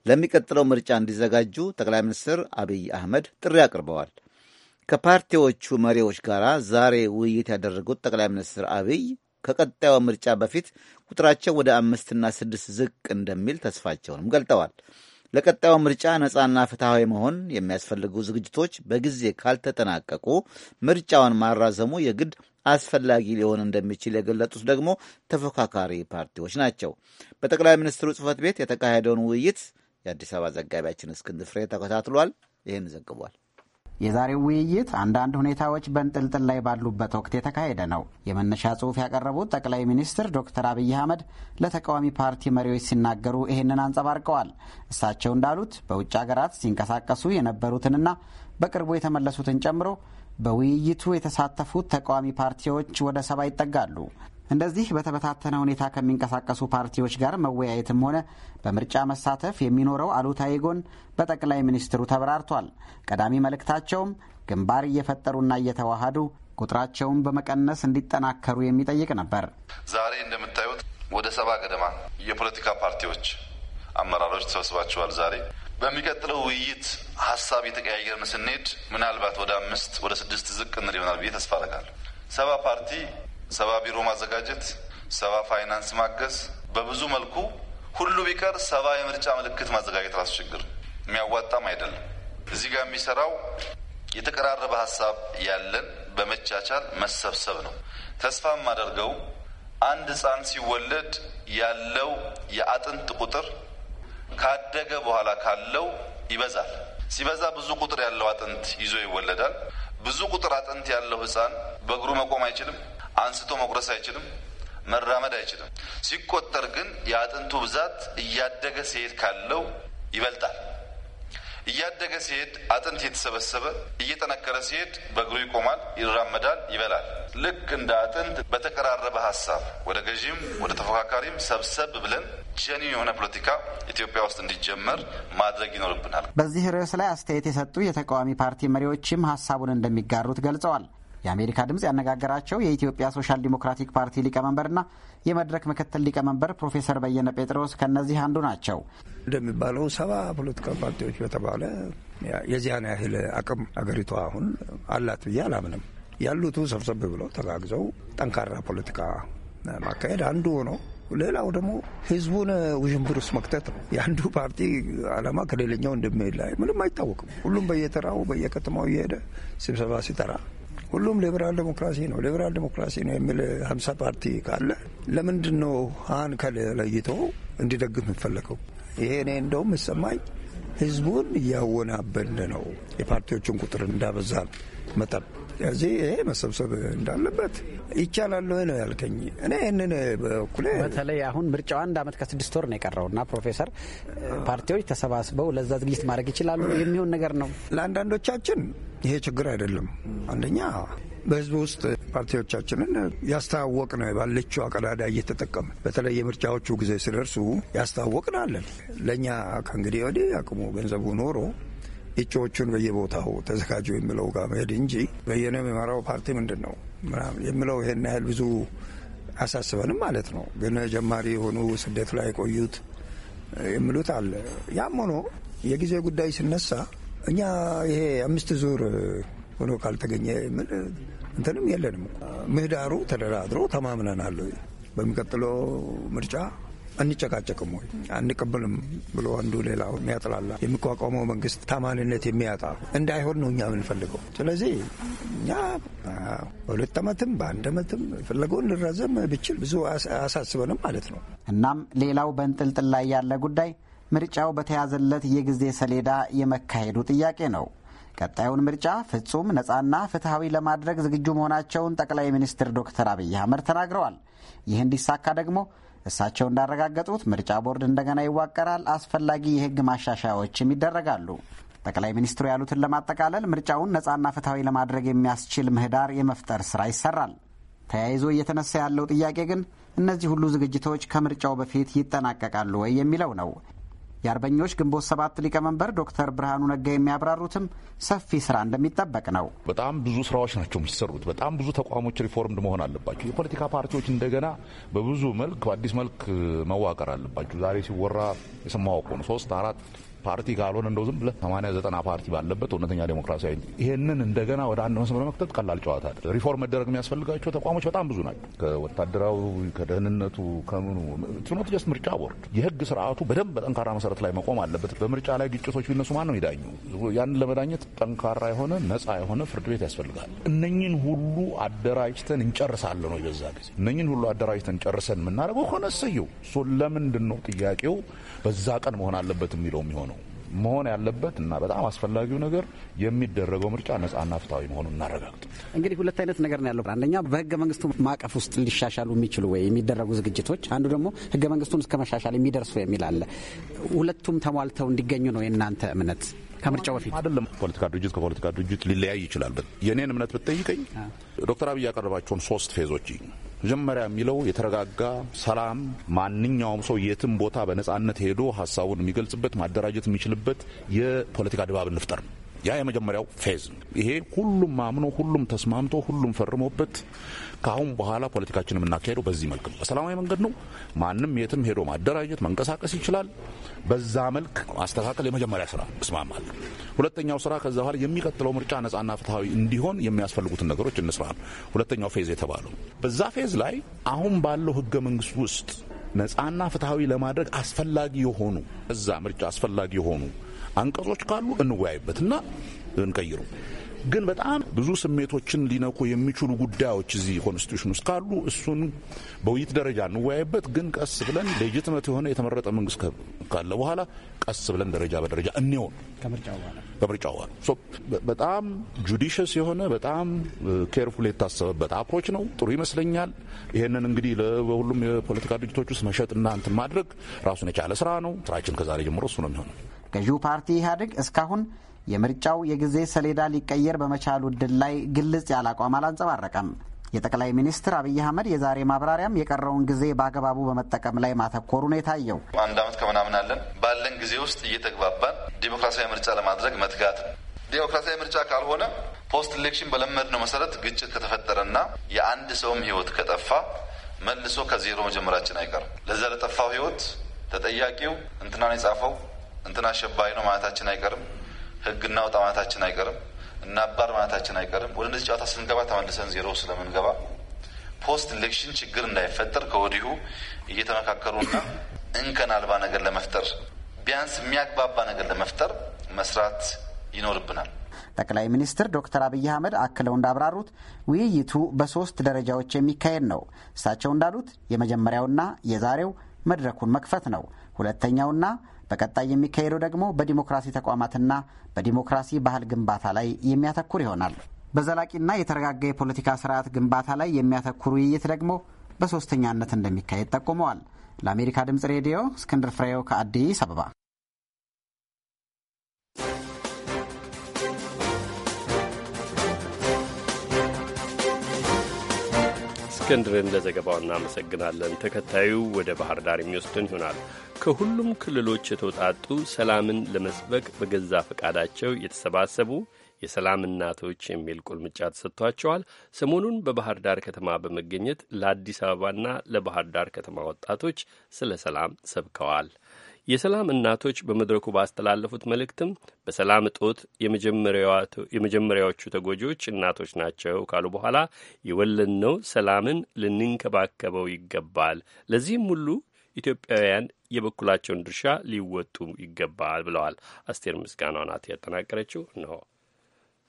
ለሚቀጥለው ምርጫ እንዲዘጋጁ ጠቅላይ ሚኒስትር አብይ አህመድ ጥሪ አቅርበዋል። ከፓርቲዎቹ መሪዎች ጋር ዛሬ ውይይት ያደረጉት ጠቅላይ ሚኒስትር አብይ ከቀጣዩ ምርጫ በፊት ቁጥራቸው ወደ አምስትና ስድስት ዝቅ እንደሚል ተስፋቸውንም ገልጠዋል። ለቀጣዩ ምርጫ ነፃና ፍትሐዊ መሆን የሚያስፈልጉ ዝግጅቶች በጊዜ ካልተጠናቀቁ ምርጫውን ማራዘሙ የግድ አስፈላጊ ሊሆን እንደሚችል የገለጡት ደግሞ ተፎካካሪ ፓርቲዎች ናቸው። በጠቅላይ ሚኒስትሩ ጽህፈት ቤት የተካሄደውን ውይይት የአዲስ አበባ ዘጋቢያችን እስክንድር ፍሬ ተከታትሏል። ይህን ዘግቧል። የዛሬው ውይይት አንዳንድ ሁኔታዎች በንጥልጥል ላይ ባሉበት ወቅት የተካሄደ ነው። የመነሻ ጽሑፍ ያቀረቡት ጠቅላይ ሚኒስትር ዶክተር አብይ አህመድ ለተቃዋሚ ፓርቲ መሪዎች ሲናገሩ ይህንን አንጸባርቀዋል። እሳቸው እንዳሉት በውጭ ሀገራት ሲንቀሳቀሱ የነበሩትንና በቅርቡ የተመለሱትን ጨምሮ በውይይቱ የተሳተፉት ተቃዋሚ ፓርቲዎች ወደ ሰባ ይጠጋሉ። እንደዚህ በተበታተነ ሁኔታ ከሚንቀሳቀሱ ፓርቲዎች ጋር መወያየትም ሆነ በምርጫ መሳተፍ የሚኖረው አሉታዊ ጎን በጠቅላይ ሚኒስትሩ ተብራርቷል። ቀዳሚ መልእክታቸውም ግንባር እየፈጠሩና እየተዋሃዱ ቁጥራቸውን በመቀነስ እንዲጠናከሩ የሚጠይቅ ነበር። ዛሬ እንደምታዩት ወደ ሰባ ገደማ የፖለቲካ ፓርቲዎች አመራሮች ተሰብስባችኋል። ዛሬ በሚቀጥለው ውይይት ሀሳብ የተቀያየርን ስንሄድ ምናልባት ወደ አምስት ወደ ስድስት ዝቅ እንል ይሆናል ብዬ ተስፋ አደርጋለሁ። ሰባ ፓርቲ ሰባ ቢሮ ማዘጋጀት፣ ሰባ ፋይናንስ ማገዝ፣ በብዙ መልኩ ሁሉ ቢቀር ሰባ የምርጫ ምልክት ማዘጋጀት ራሱ ችግር የሚያዋጣም አይደለም። እዚህ ጋር የሚሰራው የተቀራረበ ሀሳብ ያለን በመቻቻል መሰብሰብ ነው። ተስፋ የማደርገው አንድ ህፃን ሲወለድ ያለው የአጥንት ቁጥር ካደገ በኋላ ካለው ይበዛል። ሲበዛ ብዙ ቁጥር ያለው አጥንት ይዞ ይወለዳል። ብዙ ቁጥር አጥንት ያለው ህፃን በእግሩ መቆም አይችልም። አንስቶ መቁረስ አይችልም፣ መራመድ አይችልም። ሲቆጠር ግን የአጥንቱ ብዛት እያደገ ሲሄድ ካለው ይበልጣል። እያደገ ሲሄድ አጥንት የተሰበሰበ እየጠነከረ ሲሄድ በእግሩ ይቆማል፣ ይራመዳል፣ ይበላል። ልክ እንደ አጥንት በተቀራረበ ሀሳብ ወደ ገዢም ወደ ተፎካካሪም ሰብሰብ ብለን ጀኒ የሆነ ፖለቲካ ኢትዮጵያ ውስጥ እንዲጀመር ማድረግ ይኖርብናል። በዚህ ርዕስ ላይ አስተያየት የሰጡ የተቃዋሚ ፓርቲ መሪዎችም ሀሳቡን እንደሚጋሩት ገልጸዋል። የአሜሪካ ድምፅ ያነጋገራቸው የኢትዮጵያ ሶሻል ዲሞክራቲክ ፓርቲ ሊቀመንበርና የመድረክ ምክትል ሊቀመንበር ፕሮፌሰር በየነ ጴጥሮስ ከእነዚህ አንዱ ናቸው። እንደሚባለው ሰባ ፖለቲካ ፓርቲዎች በተባለ የዚያን ያህል አቅም አገሪቷ አሁን አላት ብዬ አላምንም። ያሉቱ ሰብሰብ ብለው ተጋግዘው ጠንካራ ፖለቲካ ማካሄድ አንዱ ሆኖ ሌላው ደግሞ ህዝቡን ውዥንብር ውስጥ መክተት ነው። የአንዱ ፓርቲ አላማ ከሌለኛው እንደሚሄድ ላይ ምንም አይታወቅም። ሁሉም በየተራው በየከተማው እየሄደ ስብሰባ ሲጠራ ሁሉም ሊበራል ዴሞክራሲ ነው ሊበራል ዴሞክራሲ ነው የሚል ሀምሳ ፓርቲ ካለ ለምንድን ነው ሀን ከለይቶ እንዲደግፍ የምፈለገው? ይሄ እኔ እንደውም እሰማኝ ህዝቡን እያወናበን ነው የፓርቲዎችን ቁጥር እንዳበዛን መጠን ስለዚህ ይሄ መሰብሰብ እንዳለበት ይቻላል ነው ያልከኝ። እኔ ይህንን በኩሌ በተለይ አሁን ምርጫው አንድ ዓመት ከስድስት ወር ነው የቀረው እና ፕሮፌሰር ፓርቲዎች ተሰባስበው ለዛ ዝግጅት ማድረግ ይችላሉ የሚሆን ነገር ነው። ለአንዳንዶቻችን ይሄ ችግር አይደለም። አንደኛ በህዝብ ውስጥ ፓርቲዎቻችንን ያስተዋወቅ ነው ባለችው አቀዳዳ እየተጠቀመ በተለይ የምርጫዎቹ ጊዜ ሲደርሱ ያስተዋወቅን አለን። ለእኛ ከእንግዲህ ወዲህ አቅሙ ገንዘቡ ኖሮ እጩዎቹን በየቦታው ተዘጋጁ የሚለው ጋር መሄድ እንጂ በየነ የሚመራው ፓርቲ ምንድን ነው ምናምን የሚለው ይሄን ያህል ብዙ አሳስበንም ማለት ነው። ግን ጀማሪ የሆኑ ስደት ላይ የቆዩት የሚሉት አለ። ያም ሆኖ የጊዜ ጉዳይ ሲነሳ እኛ ይሄ አምስት ዙር ሆኖ ካልተገኘ እንትንም የለንም። ምህዳሩ ተደራድሮ ተማምነናል። በሚቀጥለው ምርጫ አንጨቃጨቅም ወይ አንቀበልም ብሎ አንዱ ሌላው የሚያጥላላ የሚቋቋመው መንግስት ታማኒነት የሚያጣ እንዳይሆን ነው እኛ የምንፈልገው። ስለዚህ እኛ በሁለት ዓመትም በአንድ ዓመትም ፍለገውን እንረዘም ብችል ብዙ አያሳስበንም ማለት ነው። እናም ሌላው በእንጥልጥል ላይ ያለ ጉዳይ ምርጫው በተያዘለት የጊዜ ሰሌዳ የመካሄዱ ጥያቄ ነው። ቀጣዩን ምርጫ ፍጹም ነፃና ፍትሐዊ ለማድረግ ዝግጁ መሆናቸውን ጠቅላይ ሚኒስትር ዶክተር አብይ አህመድ ተናግረዋል። ይህ እንዲሳካ ደግሞ እሳቸው እንዳረጋገጡት ምርጫ ቦርድ እንደገና ይዋቀራል፣ አስፈላጊ የህግ ማሻሻያዎችም ይደረጋሉ። ጠቅላይ ሚኒስትሩ ያሉትን ለማጠቃለል ምርጫውን ነፃና ፍትሐዊ ለማድረግ የሚያስችል ምህዳር የመፍጠር ስራ ይሰራል። ተያይዞ እየተነሳ ያለው ጥያቄ ግን እነዚህ ሁሉ ዝግጅቶች ከምርጫው በፊት ይጠናቀቃሉ ወይ የሚለው ነው። የአርበኞች ግንቦት ሰባት ሊቀመንበር ዶክተር ብርሃኑ ነጋ የሚያብራሩትም ሰፊ ስራ እንደሚጠበቅ ነው። በጣም ብዙ ስራዎች ናቸው የሚሰሩት። በጣም ብዙ ተቋሞች ሪፎርምድ መሆን አለባቸው። የፖለቲካ ፓርቲዎች እንደገና በብዙ መልክ በአዲስ መልክ መዋቀር አለባቸው። ዛሬ ሲወራ የሰማው እኮ ነው ሶስት አራት ፓርቲ ካልሆነ እንደው ዝም ብለህ ሰማንያ ዘጠና ፓርቲ ባለበት እውነተኛ ዴሞክራሲያዊ ይህንን እንደገና ወደ አንድ መስመር መክተት ቀላል ጨዋታ ሪፎርም መደረግ የሚያስፈልጋቸው ተቋሞች በጣም ብዙ ናቸው። ከወታደራዊ ከደህንነቱ፣ ከምኑ ትኖት ጀስት ምርጫ ቦርድ የህግ ስርዓቱ በደንብ በጠንካራ መሰረት ላይ መቆም አለበት። በምርጫ ላይ ግጭቶች ቢነሱ ማን ነው ይዳኙ? ያንን ለመዳኘት ጠንካራ የሆነ ነጻ የሆነ ፍርድ ቤት ያስፈልጋል። እነኝን ሁሉ አደራጅተን እንጨርሳለን ነው በዛ ጊዜ እነኝን ሁሉ አደራጅተን ጨርሰን የምናደርገው ከሆነ ሰየው እሱን ለምንድን ነው ጥያቄው በዛ ቀን መሆን አለበት የሚለው የሚሆነው መሆን ያለበት እና በጣም አስፈላጊው ነገር የሚደረገው ምርጫ ነጻና ፍትሐዊ መሆኑን እናረጋግጥ። እንግዲህ ሁለት አይነት ነገር ነው ያለው። አንደኛ በህገ መንግስቱ ማዕቀፍ ውስጥ ሊሻሻሉ የሚችሉ ወይ የሚደረጉ ዝግጅቶች፣ አንዱ ደግሞ ህገ መንግስቱን እስከ መሻሻል የሚደርሱ የሚል አለ። ሁለቱም ተሟልተው እንዲገኙ ነው የእናንተ እምነት? ከምርጫው በፊት አይደለም። ፖለቲካ ድርጅት ከፖለቲካ ድርጅት ሊለያይ ይችላል። የእኔን እምነት ብትጠይቀኝ ዶክተር አብይ ያቀረባቸውን ሶስት ፌዞች መጀመሪያ የሚለው የተረጋጋ ሰላም፣ ማንኛውም ሰው የትም ቦታ በነጻነት ሄዶ ሀሳቡን የሚገልጽበት ማደራጀት የሚችልበት የፖለቲካ ድባብ እንፍጠር። ያ የመጀመሪያው ፌዝ። ይሄ ሁሉም አምኖ ሁሉም ተስማምቶ ሁሉም ፈርሞበት ከአሁን በኋላ ፖለቲካችን የምናካሄደው በዚህ መልክ ነው፣ በሰላማዊ መንገድ ነው። ማንም የትም ሄዶ ማደራጀት መንቀሳቀስ ይችላል። በዛ መልክ ማስተካከል የመጀመሪያ ስራ እስማማለሁ። ሁለተኛው ስራ ከዛ በኋላ የሚቀጥለው ምርጫ ነጻና ፍትሐዊ እንዲሆን የሚያስፈልጉትን ነገሮች እንስራ ነው ሁለተኛው ፌዝ የተባለው። በዛ ፌዝ ላይ አሁን ባለው ህገ መንግስት ውስጥ ነጻና ፍትሐዊ ለማድረግ አስፈላጊ የሆኑ እዛ ምርጫ አስፈላጊ የሆኑ አንቀጾች ካሉ እንወያይበትና እንቀይሩ። ግን በጣም ብዙ ስሜቶችን ሊነኩ የሚችሉ ጉዳዮች እዚህ ኮንስቲቱሽን ውስጥ ካሉ እሱን በውይይት ደረጃ እንወያይበት። ግን ቀስ ብለን ሌጅትመት የሆነ የተመረጠ መንግስት ካለ በኋላ ቀስ ብለን ደረጃ በደረጃ እንሆን ከምርጫ በኋላ በጣም ጁዲሽስ የሆነ በጣም ኬርፉል uh, የታሰበበት አፕሮች ነው። ጥሩ ይመስለኛል። ይህንን እንግዲህ በሁሉም የፖለቲካ ድርጅቶች ውስጥ መሸጥ መሸጥና እንትን ማድረግ ራሱን የቻለ ስራ ነው። ስራችን ከዛሬ ጀምሮ እሱ ነው የሚሆነው። ገዢው ፓርቲ ኢህአዴግ እስካሁን የምርጫው የጊዜ ሰሌዳ ሊቀየር በመቻሉ ድል ላይ ግልጽ ያለ አቋም አላንጸባረቀም። የጠቅላይ ሚኒስትር አብይ አህመድ የዛሬ ማብራሪያም የቀረውን ጊዜ በአግባቡ በመጠቀም ላይ ማተኮሩ ነው የታየው። አንድ ዓመት ከምናምን አለን። ባለን ጊዜ ውስጥ እየተግባባን ዲሞክራሲያዊ ምርጫ ለማድረግ መትጋት ነው። ዲሞክራሲያዊ ምርጫ ካልሆነ ፖስት ኢሌክሽን በለመድ ነው መሰረት ግጭት ከተፈጠረና የአንድ ሰውም ህይወት ከጠፋ መልሶ ከዜሮ መጀመራችን አይቀርም። ለዛ ለጠፋው ህይወት ተጠያቂው እንትናን የጻፈው እንትና አሸባሪ ነው ማለታችን አይቀርም። ህግ እናውጣ ማለታችን አይቀርም፣ እናባር ማለታችን አይቀርም። ወደ እነዚህ ጨዋታ ስንገባ ተመልሰን ዜሮ ስለምንገባ ፖስት ኢሌክሽን ችግር እንዳይፈጠር ከወዲሁ እየተመካከሩና እንከን አልባ ነገር ለመፍጠር ቢያንስ የሚያግባባ ነገር ለመፍጠር መስራት ይኖርብናል። ጠቅላይ ሚኒስትር ዶክተር አብይ አህመድ አክለው እንዳብራሩት ውይይቱ በሶስት ደረጃዎች የሚካሄድ ነው። እሳቸው እንዳሉት የመጀመሪያውና የዛሬው መድረኩን መክፈት ነው። ሁለተኛውና በቀጣይ የሚካሄደው ደግሞ በዲሞክራሲ ተቋማትና በዲሞክራሲ ባህል ግንባታ ላይ የሚያተኩር ይሆናል። በዘላቂና የተረጋጋ የፖለቲካ ስርዓት ግንባታ ላይ የሚያተኩር ውይይት ደግሞ በሶስተኛነት እንደሚካሄድ ጠቁመዋል። ለአሜሪካ ድምጽ ሬዲዮ እስክንድር ፍሬው ከአዲስ አበባ። እስክንድርን ለዘገባው እናመሰግናለን። ተከታዩ ወደ ባህር ዳር የሚወስድን ይሆናል። ከሁሉም ክልሎች የተውጣጡ ሰላምን ለመስበክ በገዛ ፈቃዳቸው የተሰባሰቡ የሰላም እናቶች የሚል ቁልምጫ ተሰጥቷቸዋል። ሰሞኑን በባህር ዳር ከተማ በመገኘት ለአዲስ አበባና ለባህር ዳር ከተማ ወጣቶች ስለ ሰላም ሰብከዋል። የሰላም እናቶች በመድረኩ ባስተላለፉት መልእክትም በሰላም እጦት የመጀመሪያዎቹ ተጎጂዎች እናቶች ናቸው ካሉ በኋላ የወለድነው ሰላምን ልንንከባከበው ይገባል፣ ለዚህም ሁሉ ኢትዮጵያውያን የበኩላቸውን ድርሻ ሊወጡ ይገባል ብለዋል። አስቴር ምስጋናው ናት ያጠናቀረችው ነው።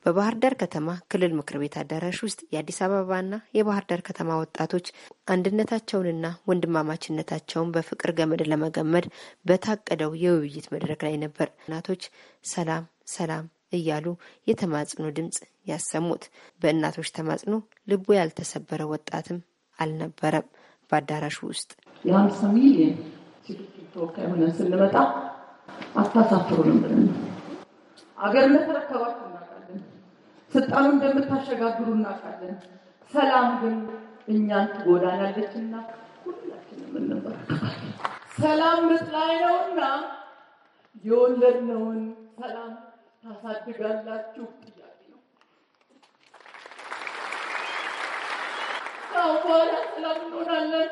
በባህር ዳር ከተማ ክልል ምክር ቤት አዳራሽ ውስጥ የአዲስ አበባና የባህር ዳር ከተማ ወጣቶች አንድነታቸውንና ወንድማማችነታቸውን በፍቅር ገመድ ለመገመድ በታቀደው የውይይት መድረክ ላይ ነበር እናቶች ሰላም ሰላም እያሉ የተማጽኖ ድምፅ ያሰሙት። በእናቶች ተማጽኖ ልቡ ያልተሰበረ ወጣትም አልነበረም በአዳራሹ ውስጥ ሴቶች ተወካይ ሆነን ስንመጣ አታሳፍሩንም ብለን አገር እንደተረከባችሁ እናውቃለን። ስልጣኑ እንደምታሸጋግሩ እናውቃለን። ሰላም ግን እኛን ትጎዳናለችና ሁላችንም እንበረከባለን። ሰላም ምጥላይ ነውና የወለድነውን ሰላም ታሳድጋላችሁ ጥያቄ ነው። በኋላ ሰላም እንሆናለን።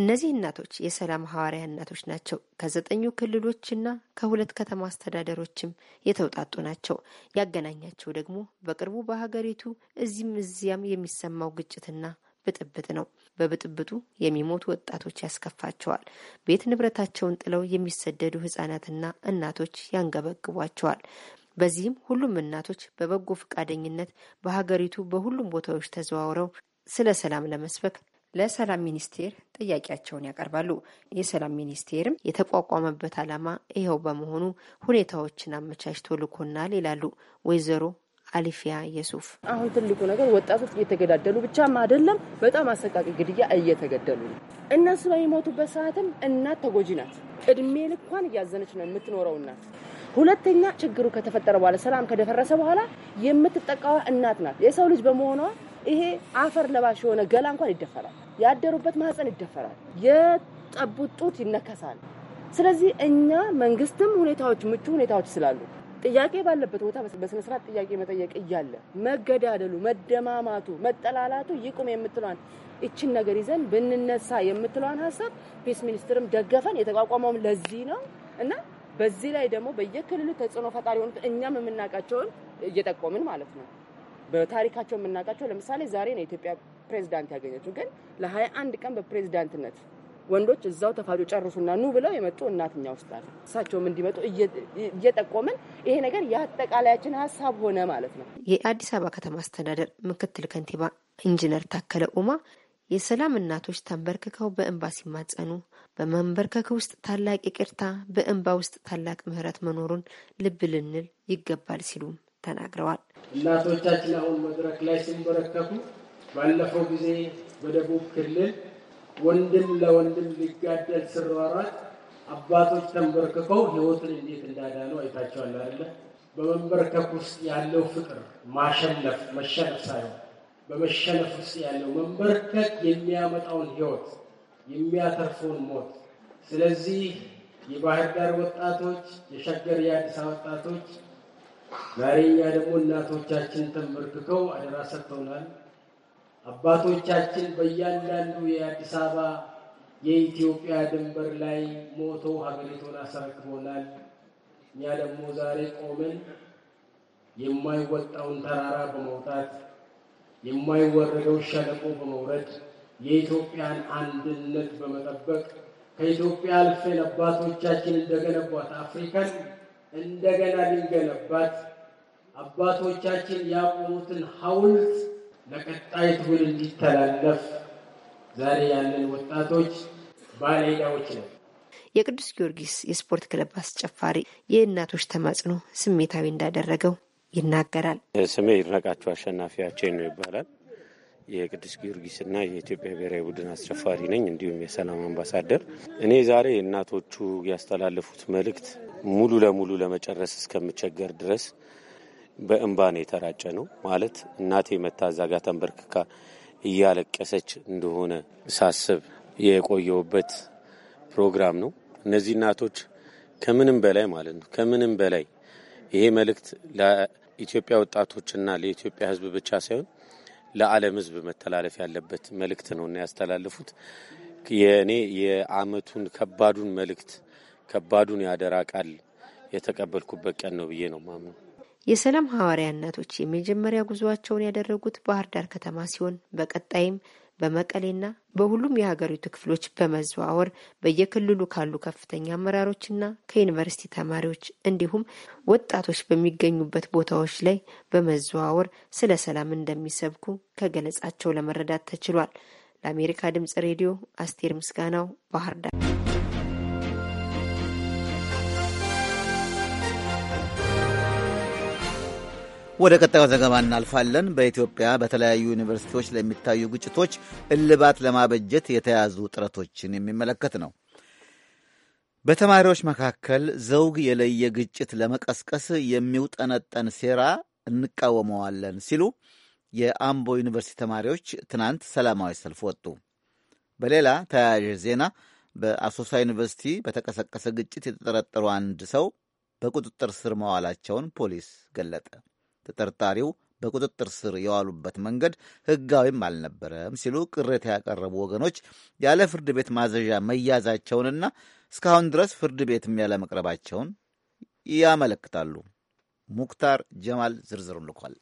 እነዚህ እናቶች የሰላም ሐዋርያ እናቶች ናቸው። ከዘጠኙ ክልሎችና ከሁለት ከተማ አስተዳደሮችም የተውጣጡ ናቸው። ያገናኛቸው ደግሞ በቅርቡ በሀገሪቱ እዚህም እዚያም የሚሰማው ግጭትና ብጥብጥ ነው። በብጥብጡ የሚሞቱ ወጣቶች ያስከፋቸዋል። ቤት ንብረታቸውን ጥለው የሚሰደዱ ህጻናትና እናቶች ያንገበግቧቸዋል። በዚህም ሁሉም እናቶች በበጎ ፈቃደኝነት በሀገሪቱ በሁሉም ቦታዎች ተዘዋውረው ስለ ሰላም ለመስበክ ለሰላም ሚኒስቴር ጥያቄያቸውን ያቀርባሉ። የሰላም ሚኒስቴርም የተቋቋመበት ዓላማ ይኸው በመሆኑ ሁኔታዎችን አመቻችቶ ልኮናል ይላሉ ወይዘሮ አሊፊያ የሱፍ። አሁን ትልቁ ነገር ወጣቶች እየተገዳደሉ ብቻም አይደለም፣ በጣም አሰቃቂ ግድያ እየተገደሉ ነው። እነሱ በሚሞቱበት ሰዓትም እናት ተጎጂ ናት። እድሜ ልኳን እያዘነች ነው የምትኖረው እናት። ሁለተኛ ችግሩ ከተፈጠረ በኋላ ሰላም ከደፈረሰ በኋላ የምትጠቃዋ እናት ናት። የሰው ልጅ በመሆኗ ይሄ አፈር ለባሽ የሆነ ገላ እንኳን ይደፈራል። ያደሩበት ማህፀን ይደፈራል። የጠቡት ጡት ይነከሳል። ስለዚህ እኛ መንግስትም ሁኔታዎች ምቹ ሁኔታዎች ስላሉ ጥያቄ ባለበት ቦታ በስነስርት ጥያቄ መጠየቅ እያለ መገዳደሉ፣ መደማማቱ፣ መጠላላቱ ይቁም የምትለዋን እችን ነገር ይዘን ብንነሳ የምትለዋን ሀሳብ ፒስ ሚኒስትርም ደገፈን። የተቋቋመውም ለዚህ ነው እና በዚህ ላይ ደግሞ በየክልሉ ተጽዕኖ ፈጣሪ ሆኑት እኛም የምናውቃቸውን እየጠቆምን ማለት ነው። በታሪካቸው የምናውቃቸው ለምሳሌ ዛሬ ነው የኢትዮጵያ ፕሬዚዳንት ያገኘችው። ግን ለሀያ 21 ቀን በፕሬዚዳንትነት ወንዶች እዛው ተፋዶ ጨርሱና ኑ ብለው የመጡ እናትኛ ውስጥ አለ እሳቸውም እንዲመጡ እየጠቆምን ይሄ ነገር የአጠቃላያችን ሀሳብ ሆነ ማለት ነው። የአዲስ አበባ ከተማ አስተዳደር ምክትል ከንቲባ ኢንጂነር ታከለ ኡማ የሰላም እናቶች ተንበርክከው በእንባ ሲማጸኑ በመንበርከክ ውስጥ ታላቅ ይቅርታ፣ በእንባ ውስጥ ታላቅ ምሕረት መኖሩን ልብ ልንል ይገባል ሲሉም ተናግረዋል። እናቶቻችን አሁን መድረክ ላይ ሲንበረከኩ ባለፈው ጊዜ በደቡብ ክልል ወንድም ለወንድም ሊጋደል ስሯሯጥ አባቶች ተንበርክከው ህይወትን እንዴት እንዳዳኑ አይታቸዋል አይደለ? በመንበርከክ ውስጥ ያለው ፍቅር ማሸነፍ መሸነፍ ሳይሆን በመሸነፍ ውስጥ ያለው መንበርከክ የሚያመጣውን ህይወት የሚያተርፈውን ሞት። ስለዚህ የባህር ዳር ወጣቶች፣ የሸገር የአዲስ አበባ ወጣቶች ዛሬ እኛ ደግሞ እናቶቻችን ተንበርክከው አደራ ሰጥተውናል። አባቶቻችን በእያንዳንዱ የአዲስ አበባ የኢትዮጵያ ድንበር ላይ ሞተው ሀገሪቱን አስረክቦናል። እኛ ደግሞ ዛሬ ቆመን የማይወጣውን ተራራ በመውጣት የማይወረደው ሸለቆ በመውረድ የኢትዮጵያን አንድነት በመጠበቅ ከኢትዮጵያ አልፈን አባቶቻችን እንደገነቧት አፍሪካን እንደገና ልንገነባት አባቶቻችን ያቆሙትን ሐውልት ለቀጣይ ትውልድ እንዲተላለፍ ዛሬ ያለን ወጣቶች ባለዳዎች ነው። የቅዱስ ጊዮርጊስ የስፖርት ክለብ አስጨፋሪ የእናቶች ተማጽኖ ስሜታዊ እንዳደረገው ይናገራል። ስሜ ይድነቃቸው አሸናፊያችን ነው ይባላል። የቅዱስ ጊዮርጊስና የኢትዮጵያ ብሔራዊ ቡድን አስቸፋሪ ነኝ፣ እንዲሁም የሰላም አምባሳደር። እኔ ዛሬ እናቶቹ ያስተላለፉት መልእክት ሙሉ ለሙሉ ለመጨረስ እስከምቸገር ድረስ በእንባ ነው የተራጨ ነው። ማለት እናቴ መታዛጋ ተንበርክካ እያለቀሰች እንደሆነ ሳስብ የቆየውበት ፕሮግራም ነው። እነዚህ እናቶች ከምንም በላይ ማለት ነው ከምንም በላይ ይሄ መልእክት ለኢትዮጵያ ወጣቶችና ለኢትዮጵያ ሕዝብ ብቻ ሳይሆን ለዓለም ሕዝብ መተላለፍ ያለበት መልእክት ነው እና ያስተላልፉት የእኔ የአመቱን ከባዱን መልእክት ከባዱን ያደራ ቃል የተቀበልኩበት ቀን ነው ብዬ ነው ማምኑ። የሰላም ሐዋርያ እናቶች የመጀመሪያ ጉዟቸውን ያደረጉት ባህር ዳር ከተማ ሲሆን በቀጣይም በመቀሌና በሁሉም የሀገሪቱ ክፍሎች በመዘዋወር በየክልሉ ካሉ ከፍተኛ አመራሮችና ከዩኒቨርሲቲ ተማሪዎች እንዲሁም ወጣቶች በሚገኙበት ቦታዎች ላይ በመዘዋወር ስለ ሰላም እንደሚሰብኩ ከገለጻቸው ለመረዳት ተችሏል። ለአሜሪካ ድምጽ ሬዲዮ አስቴር ምስጋናው ባህር ዳር። ወደ ቀጣዩ ዘገባ እናልፋለን። በኢትዮጵያ በተለያዩ ዩኒቨርሲቲዎች ለሚታዩ ግጭቶች እልባት ለማበጀት የተያዙ ጥረቶችን የሚመለከት ነው። በተማሪዎች መካከል ዘውግ የለየ ግጭት ለመቀስቀስ የሚውጠነጠን ሴራ እንቃወመዋለን ሲሉ የአምቦ ዩኒቨርሲቲ ተማሪዎች ትናንት ሰላማዊ ሰልፍ ወጡ። በሌላ ተያያዥ ዜና በአሶሳ ዩኒቨርሲቲ በተቀሰቀሰ ግጭት የተጠረጠሩ አንድ ሰው በቁጥጥር ስር መዋላቸውን ፖሊስ ገለጠ። ተጠርጣሪው በቁጥጥር ስር የዋሉበት መንገድ ሕጋዊም አልነበረም ሲሉ ቅሬታ ያቀረቡ ወገኖች ያለ ፍርድ ቤት ማዘዣ መያዛቸውንና እስካሁን ድረስ ፍርድ ቤትም ያለመቅረባቸውን ያመለክታሉ። ሙክታር ጀማል ዝርዝሩን ልኳል።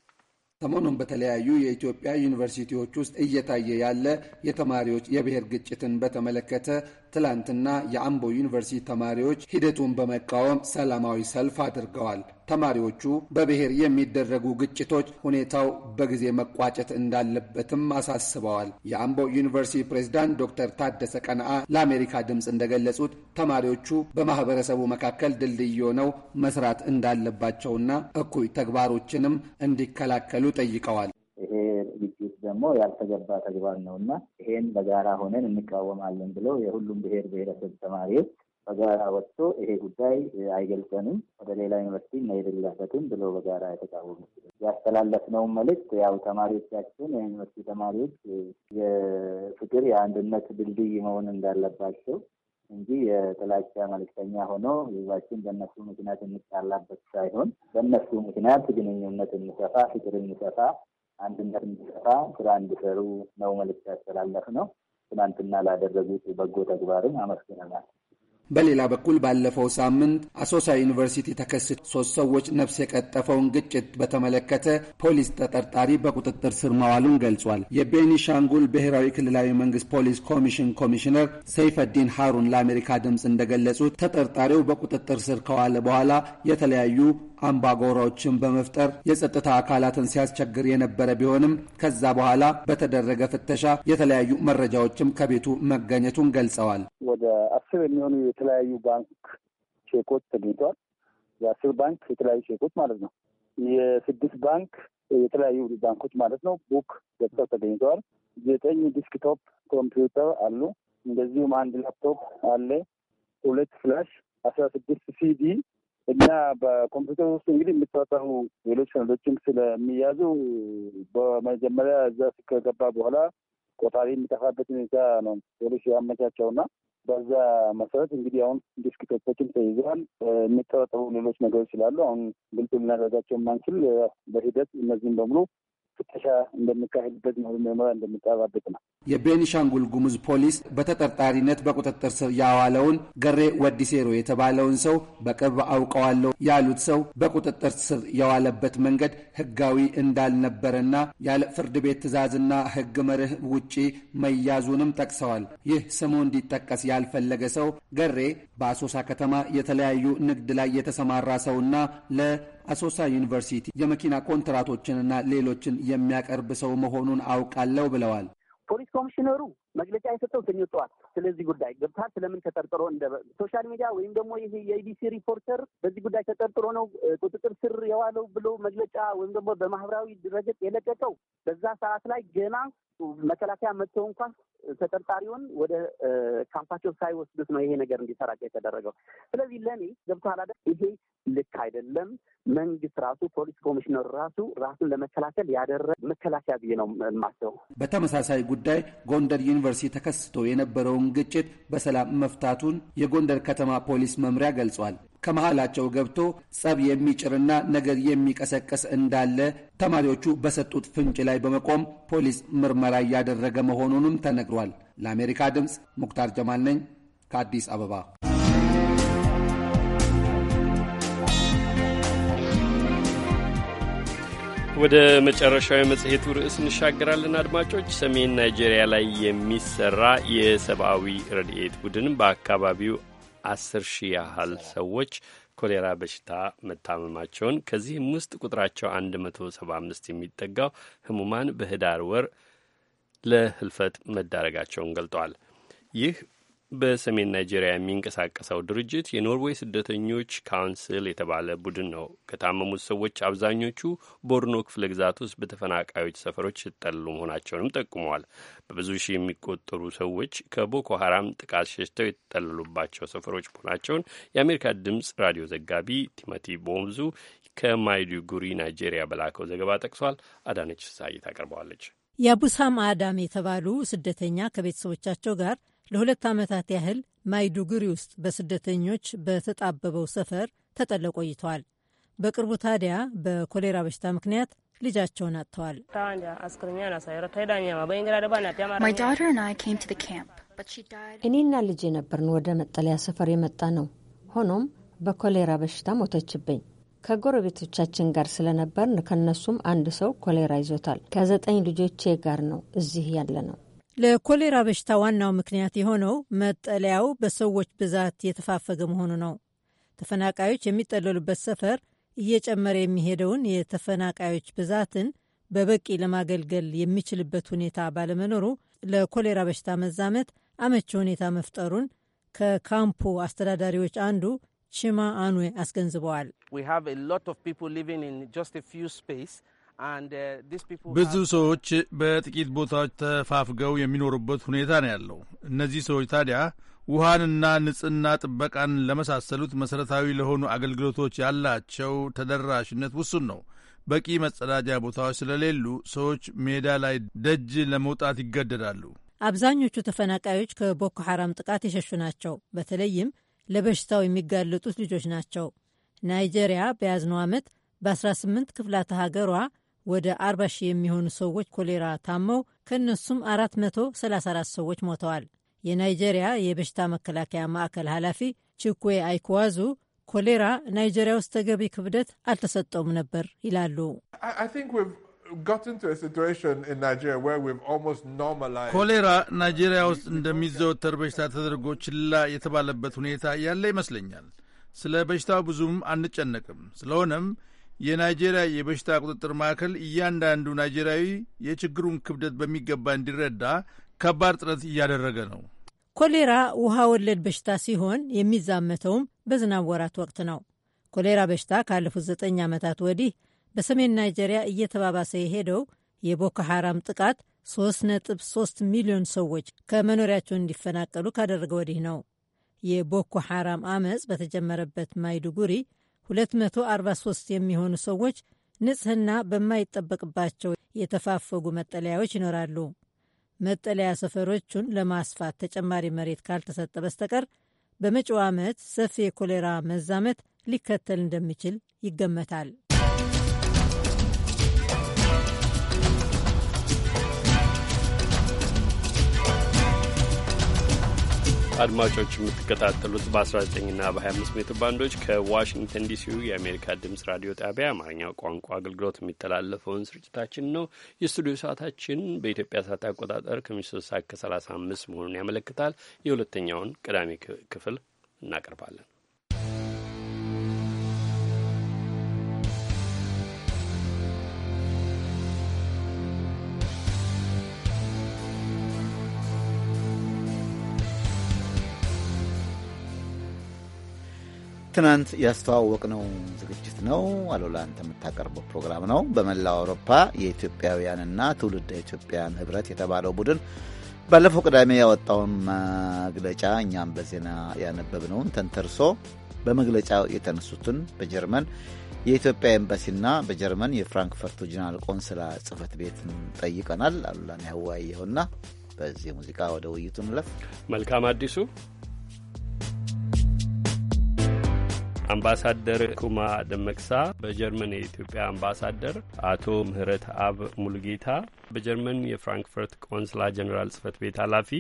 ሰሞኑን በተለያዩ የኢትዮጵያ ዩኒቨርሲቲዎች ውስጥ እየታየ ያለ የተማሪዎች የብሔር ግጭትን በተመለከተ ትላንትና የአምቦ ዩኒቨርሲቲ ተማሪዎች ሂደቱን በመቃወም ሰላማዊ ሰልፍ አድርገዋል። ተማሪዎቹ በብሔር የሚደረጉ ግጭቶች ሁኔታው በጊዜ መቋጨት እንዳለበትም አሳስበዋል። የአምቦ ዩኒቨርሲቲ ፕሬዝዳንት ዶክተር ታደሰ ቀነአ ለአሜሪካ ድምፅ እንደገለጹት ተማሪዎቹ በማህበረሰቡ መካከል ድልድይ ሆነው መስራት እንዳለባቸውና እኩይ ተግባሮችንም እንዲከላከሉ ጠይቀዋል። ደግሞ ያልተገባ ተግባር ነው እና ይሄን በጋራ ሆነን እንቃወማለን ብለው የሁሉም ብሔር ብሔረሰብ ተማሪዎች በጋራ ወጥቶ ይሄ ጉዳይ አይገልጸንም፣ ወደ ሌላ ዩኒቨርሲቲ መሄድ የለበትም ብሎ በጋራ የተቃወሙ ያስተላለፍነውን መልእክት ያው ተማሪዎቻችን የዩኒቨርሲቲ ተማሪዎች የፍቅር የአንድነት ድልድይ መሆን እንዳለባቸው እንጂ የጥላቻ መልክተኛ ሆኖ ህዝባችን በእነሱ ምክንያት የሚጣላበት ሳይሆን በእነሱ ምክንያት ግንኙነት የሚሰፋ ፍቅር የሚሰፋ አንድነት እንዲሰፋ ስራ እንዲሰሩ ነው መልዕክት ያስተላለፍ ነው። ትናንትና ላደረጉት በጎ ተግባርም አመስግነናል። በሌላ በኩል ባለፈው ሳምንት አሶሳ ዩኒቨርሲቲ ተከስቶ ሶስት ሰዎች ነፍስ የቀጠፈውን ግጭት በተመለከተ ፖሊስ ተጠርጣሪ በቁጥጥር ስር መዋሉን ገልጿል። የቤኒሻንጉል ብሔራዊ ክልላዊ መንግስት ፖሊስ ኮሚሽን ኮሚሽነር ሰይፈዲን ሃሩን ለአሜሪካ ድምፅ እንደገለጹት ተጠርጣሪው በቁጥጥር ስር ከዋለ በኋላ የተለያዩ አምባጓሮዎችን በመፍጠር የጸጥታ አካላትን ሲያስቸግር የነበረ ቢሆንም ከዛ በኋላ በተደረገ ፍተሻ የተለያዩ መረጃዎችም ከቤቱ መገኘቱን ገልጸዋል። ወደ አስር የሚሆኑ የተለያዩ ባንክ ቼኮች ተገኝተዋል። የአስር ባንክ የተለያዩ ቼኮች ማለት ነው። የስድስት ባንክ የተለያዩ ባንኮች ማለት ነው ቡክ ገብተው ተገኝተዋል። ዘጠኝ ዲስክቶፕ ኮምፒውተር አሉ። እንደዚሁም አንድ ላፕቶፕ አለ። ሁለት ፍላሽ፣ አስራ ስድስት ሲዲ እና በኮምፒውተር ውስጥ እንግዲህ የሚፈጠሩ ሌሎች ሰነዶችም ስለሚያዙ በመጀመሪያ እዛ ከገባ በኋላ ቆጣሪ የሚጠፋበት ሁኔታ ነው ሌሎች ያመቻቸውና በዛ መሰረት እንግዲህ አሁን ዲስክቶፖችም ተይዘዋል። የሚጠረጠሩ ሌሎች ነገሮች ስላሉ አሁን ግልጽ ልናደርጋቸው የማንችል በሂደት እነዚህም በሙሉ ፍተሻ እንደሚካሄድበት ነው፣ ምርመራ እንደሚጠባበቅ ነው። የቤኒሻንጉል ጉሙዝ ፖሊስ በተጠርጣሪነት በቁጥጥር ስር ያዋለውን ገሬ ወዲሴሮ የተባለውን ሰው በቅርብ አውቀዋለሁ ያሉት ሰው በቁጥጥር ስር የዋለበት መንገድ ሕጋዊ እንዳልነበረና ያለ ፍርድ ቤት ትዕዛዝና ሕግ መርህ ውጪ መያዙንም ጠቅሰዋል። ይህ ስሙ እንዲጠቀስ ያልፈለገ ሰው ገሬ በአሶሳ ከተማ የተለያዩ ንግድ ላይ የተሰማራ ሰውና ለ አሶሳ ዩኒቨርሲቲ የመኪና ኮንትራቶችንና ሌሎችን የሚያቀርብ ሰው መሆኑን አውቃለሁ ብለዋል። ፖሊስ ኮሚሽነሩ መግለጫ የሰጠው ሰኞ ጠዋት ስለዚህ ጉዳይ ገብቷል። ስለምን ተጠርጥሮ እንደ ሶሻል ሚዲያ ወይም ደግሞ ይሄ የኢቢሲ ሪፖርተር በዚህ ጉዳይ ተጠርጥሮ ነው ቁጥጥር ስር የዋለው ብሎ መግለጫ ወይም ደግሞ በማህበራዊ ድረገጽ የለቀቀው በዛ ሰዓት ላይ ገና መከላከያ መጥተው እንኳን ተጠርጣሪውን ወደ ካምፓቸው ሳይወስዱት ነው ይሄ ነገር እንዲሰራጭ የተደረገው። ስለዚህ ለእኔ ገብቶሃል አይደል? ይሄ ልክ አይደለም። መንግስት ራሱ ፖሊስ ኮሚሽነር ራሱ ራሱን ለመከላከል ያደረ መከላከያ ብዬ ነው የማስበው። በተመሳሳይ ጉዳይ ጎንደር ዩኒቨርሲቲ ተከስቶ የነበረውን ግጭት በሰላም መፍታቱን የጎንደር ከተማ ፖሊስ መምሪያ ገልጿል። ከመሃላቸው ገብቶ ጸብ የሚጭርና ነገር የሚቀሰቀስ እንዳለ ተማሪዎቹ በሰጡት ፍንጭ ላይ በመቆም ፖሊስ ምርመራ እያደረገ መሆኑንም ተነግሯል። ለአሜሪካ ድምፅ ሙክታር ጀማል ነኝ ከአዲስ አበባ። ወደ መጨረሻዊ መጽሔቱ ርዕስ እንሻገራለን። አድማጮች ሰሜን ናይጄሪያ ላይ የሚሰራ የሰብአዊ ረድኤት ቡድን በአካባቢው አስር ሺህ ያህል ሰዎች ኮሌራ በሽታ መታመማቸውን ከዚህም ውስጥ ቁጥራቸው 175 የሚጠጋው ህሙማን በህዳር ወር ለህልፈት መዳረጋቸውን ገልጠዋል ይህ በሰሜን ናይጄሪያ የሚንቀሳቀሰው ድርጅት የኖርዌይ ስደተኞች ካውንስል የተባለ ቡድን ነው። ከታመሙት ሰዎች አብዛኞቹ ቦርኖ ክፍለ ግዛት ውስጥ በተፈናቃዮች ሰፈሮች ሲጠለሉ መሆናቸውንም ጠቁመዋል። በብዙ ሺህ የሚቆጠሩ ሰዎች ከቦኮ ሀራም ጥቃት ሸሽተው የተጠለሉባቸው ሰፈሮች መሆናቸውን የአሜሪካ ድምፅ ራዲዮ ዘጋቢ ቲሞቲ ቦምዙ ከማይዱጉሪ ናይጄሪያ በላከው ዘገባ ጠቅሷል። አዳነች ሳይት አቀርበዋለች። የአቡሳም አዳም የተባሉ ስደተኛ ከቤተሰቦቻቸው ጋር ለሁለት ዓመታት ያህል ማይዱጉሪ ውስጥ በስደተኞች በተጣበበው ሰፈር ተጠለው ቆይተዋል። በቅርቡ ታዲያ በኮሌራ በሽታ ምክንያት ልጃቸውን አጥተዋል። እኔና ልጄ ነበርን ወደ መጠለያ ሰፈር የመጣ ነው። ሆኖም በኮሌራ በሽታ ሞተችብኝ። ከጎረቤቶቻችን ጋር ስለነበርን ከነሱም አንድ ሰው ኮሌራ ይዞታል። ከዘጠኝ ልጆቼ ጋር ነው እዚህ ያለ ነው። ለኮሌራ በሽታ ዋናው ምክንያት የሆነው መጠለያው በሰዎች ብዛት የተፋፈገ መሆኑ ነው። ተፈናቃዮች የሚጠለሉበት ሰፈር እየጨመረ የሚሄደውን የተፈናቃዮች ብዛትን በበቂ ለማገልገል የሚችልበት ሁኔታ ባለመኖሩ ለኮሌራ በሽታ መዛመት አመቺ ሁኔታ መፍጠሩን ከካምፑ አስተዳዳሪዎች አንዱ ቺማ አኑዌ አስገንዝበዋል። Uh, ብዙ ሰዎች በጥቂት ቦታዎች ተፋፍገው የሚኖሩበት ሁኔታ ነው ያለው። እነዚህ ሰዎች ታዲያ ውሃንና ንጽህና ጥበቃን ለመሳሰሉት መሠረታዊ ለሆኑ አገልግሎቶች ያላቸው ተደራሽነት ውሱን ነው። በቂ መጸዳጃ ቦታዎች ስለሌሉ ሰዎች ሜዳ ላይ ደጅ ለመውጣት ይገደዳሉ። አብዛኞቹ ተፈናቃዮች ከቦኮ ሐራም ጥቃት የሸሹ ናቸው። በተለይም ለበሽታው የሚጋለጡት ልጆች ናቸው። ናይጄሪያ በያዝነው ዓመት በ18 ክፍላተ ሀገሯ ወደ 40 ሺህ የሚሆኑ ሰዎች ኮሌራ ታመው ከእነሱም 434 ሰዎች ሞተዋል። የናይጄሪያ የበሽታ መከላከያ ማዕከል ኃላፊ ችኩዌ አይክዋዙ ኮሌራ ናይጄሪያ ውስጥ ተገቢ ክብደት አልተሰጠውም ነበር ይላሉ። ኮሌራ ናይጄሪያ ውስጥ እንደሚዘወተር በሽታ ተደርጎ ችላ የተባለበት ሁኔታ ያለ ይመስለኛል። ስለ በሽታው ብዙም አንጨነቅም። ስለሆነም የናይጄሪያ የበሽታ ቁጥጥር ማዕከል እያንዳንዱ ናይጄሪያዊ የችግሩን ክብደት በሚገባ እንዲረዳ ከባድ ጥረት እያደረገ ነው። ኮሌራ ውሃ ወለድ በሽታ ሲሆን የሚዛመተውም በዝናብ ወራት ወቅት ነው። ኮሌራ በሽታ ካለፉት ዘጠኝ ዓመታት ወዲህ በሰሜን ናይጄሪያ እየተባባሰ የሄደው የቦኮ ሐራም ጥቃት 3.3 ሚሊዮን ሰዎች ከመኖሪያቸው እንዲፈናቀሉ ካደረገ ወዲህ ነው። የቦኮ ሐራም አመፅ በተጀመረበት ማይዱጉሪ 243 የሚሆኑ ሰዎች ንጽህና በማይጠበቅባቸው የተፋፈጉ መጠለያዎች ይኖራሉ። መጠለያ ሰፈሮቹን ለማስፋት ተጨማሪ መሬት ካልተሰጠ በስተቀር በመጪው ዓመት ሰፊ የኮሌራ መዛመት ሊከተል እንደሚችል ይገመታል። አድማጮች የምትከታተሉት በ19ና በ25 ሜትር ባንዶች ከዋሽንግተን ዲሲው የአሜሪካ ድምፅ ራዲዮ ጣቢያ አማርኛ ቋንቋ አገልግሎት የሚተላለፈውን ስርጭታችን ነው። የስቱዲዮ ሰዓታችን በኢትዮጵያ ሰዓት አቆጣጠር ከምሽቱ ሶስት ሰዓት ከ35 መሆኑን ያመለክታል። የሁለተኛውን ቅዳሜ ክፍል እናቀርባለን። ትናንት ያስተዋወቅነው ዝግጅት ነው። አሉላ አንተ የምታቀርበው ፕሮግራም ነው። በመላው አውሮፓ የኢትዮጵያውያንና ትውልደ ኢትዮጵያን ህብረት የተባለው ቡድን ባለፈው ቅዳሜ ያወጣውን መግለጫ እኛም በዜና ያነበብነውን ተንተርሶ በመግለጫው የተነሱትን በጀርመን የኢትዮጵያ ኤምባሲና በጀርመን የፍራንክፈርቱ ጀነራል ቆንስላ ጽህፈት ቤት ጠይቀናል። አሉላን ያወያየውና በዚህ ሙዚቃ ወደ ውይይቱ እንለፍ። መልካም አዲሱ አምባሳደር ኩማ ደመቅሳ፣ በጀርመን የኢትዮጵያ አምባሳደር አቶ ምህረት አብ ሙልጌታ፣ በጀርመን የፍራንክፈርት ቆንስላ ጀኔራል ጽህፈት ቤት ኃላፊ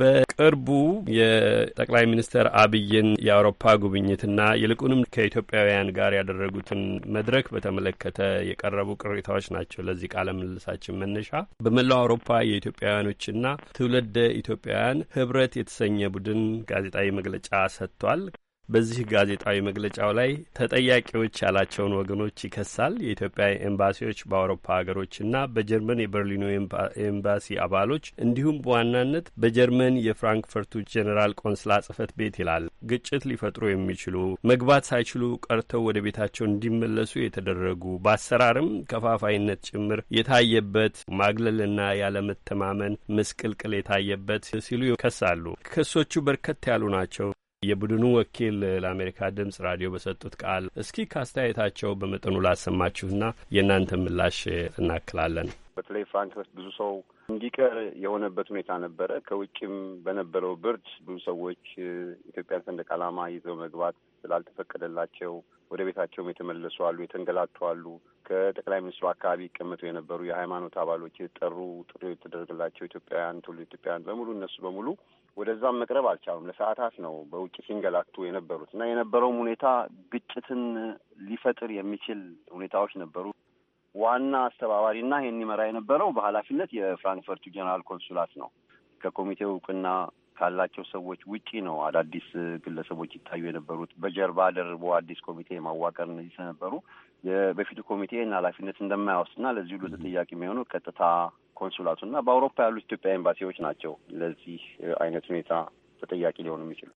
በቅርቡ የጠቅላይ ሚኒስትር አብይን የአውሮፓ ጉብኝትና ይልቁንም ከኢትዮጵያውያን ጋር ያደረጉትን መድረክ በተመለከተ የቀረቡ ቅሬታዎች ናቸው። ለዚህ ቃለ ምልልሳችን መነሻ በመላው አውሮፓ የኢትዮጵያውያኖችና ትውልደ ኢትዮጵያውያን ህብረት የተሰኘ ቡድን ጋዜጣዊ መግለጫ ሰጥቷል። በዚህ ጋዜጣዊ መግለጫው ላይ ተጠያቂዎች ያላቸውን ወገኖች ይከሳል። የኢትዮጵያ ኤምባሲዎች በአውሮፓ ሀገሮችና በጀርመን የበርሊኑ ኤምባሲ አባሎች እንዲሁም በዋናነት በጀርመን የፍራንክፈርቱ ጄኔራል ቆንስላ ጽሕፈት ቤት ይላል ግጭት ሊፈጥሩ የሚችሉ መግባት ሳይችሉ ቀርተው ወደ ቤታቸው እንዲመለሱ የተደረጉ በአሰራርም ከፋፋይነት ጭምር የታየበት ማግለልና ያለመተማመን ምስቅልቅል የታየበት ሲሉ ይከሳሉ። ክሶቹ በርከት ያሉ ናቸው። የቡድኑ ወኪል ለአሜሪካ ድምጽ ራዲዮ በሰጡት ቃል እስኪ ካስተያየታቸው በመጠኑ ላሰማችሁና የእናንተ ምላሽ እናክላለን። በተለይ ፍራንክፈርት ብዙ ሰው እንዲቀር የሆነበት ሁኔታ ነበረ። ከውጭም በነበረው ብርድ ብዙ ሰዎች ኢትዮጵያን ሰንደቅ ዓላማ ይዘው መግባት ስላልተፈቀደላቸው ወደ ቤታቸውም የተመለሱ አሉ፣ የተንገላቱ አሉ። ከጠቅላይ ሚኒስትሩ አካባቢ ይቀመጡ የነበሩ የሃይማኖት አባሎች የጠሩ ጥሪ የተደረገላቸው ኢትዮጵያውያን፣ ትውልደ ኢትዮጵያውያን በሙሉ እነሱ በሙሉ ወደዛም መቅረብ አልቻሉም። ለሰዓታት ነው በውጭ ሲንገላቱ የነበሩት እና የነበረውም ሁኔታ ግጭትን ሊፈጥር የሚችል ሁኔታዎች ነበሩ። ዋና አስተባባሪና ይህን ይመራ የነበረው በኃላፊነት የፍራንክፈርቱ ጀነራል ኮንሱላት ነው። ከኮሚቴው እውቅና ካላቸው ሰዎች ውጪ ነው አዳዲስ ግለሰቦች ይታዩ የነበሩት። በጀርባ ደርቦ አዲስ ኮሚቴ ማዋቀር እነዚህ ስለነበሩ በፊቱ ኮሚቴ ይህን ኃላፊነት እንደማያወስድና ለዚህ ሁሉ ተጠያቂ የሚሆኑ ቀጥታ ኮንሱላቱና በአውሮፓ ያሉት ኢትዮጵያ ኤምባሲዎች ናቸው ለዚህ አይነት ሁኔታ ተጠያቂ ሊሆኑ የሚችሉ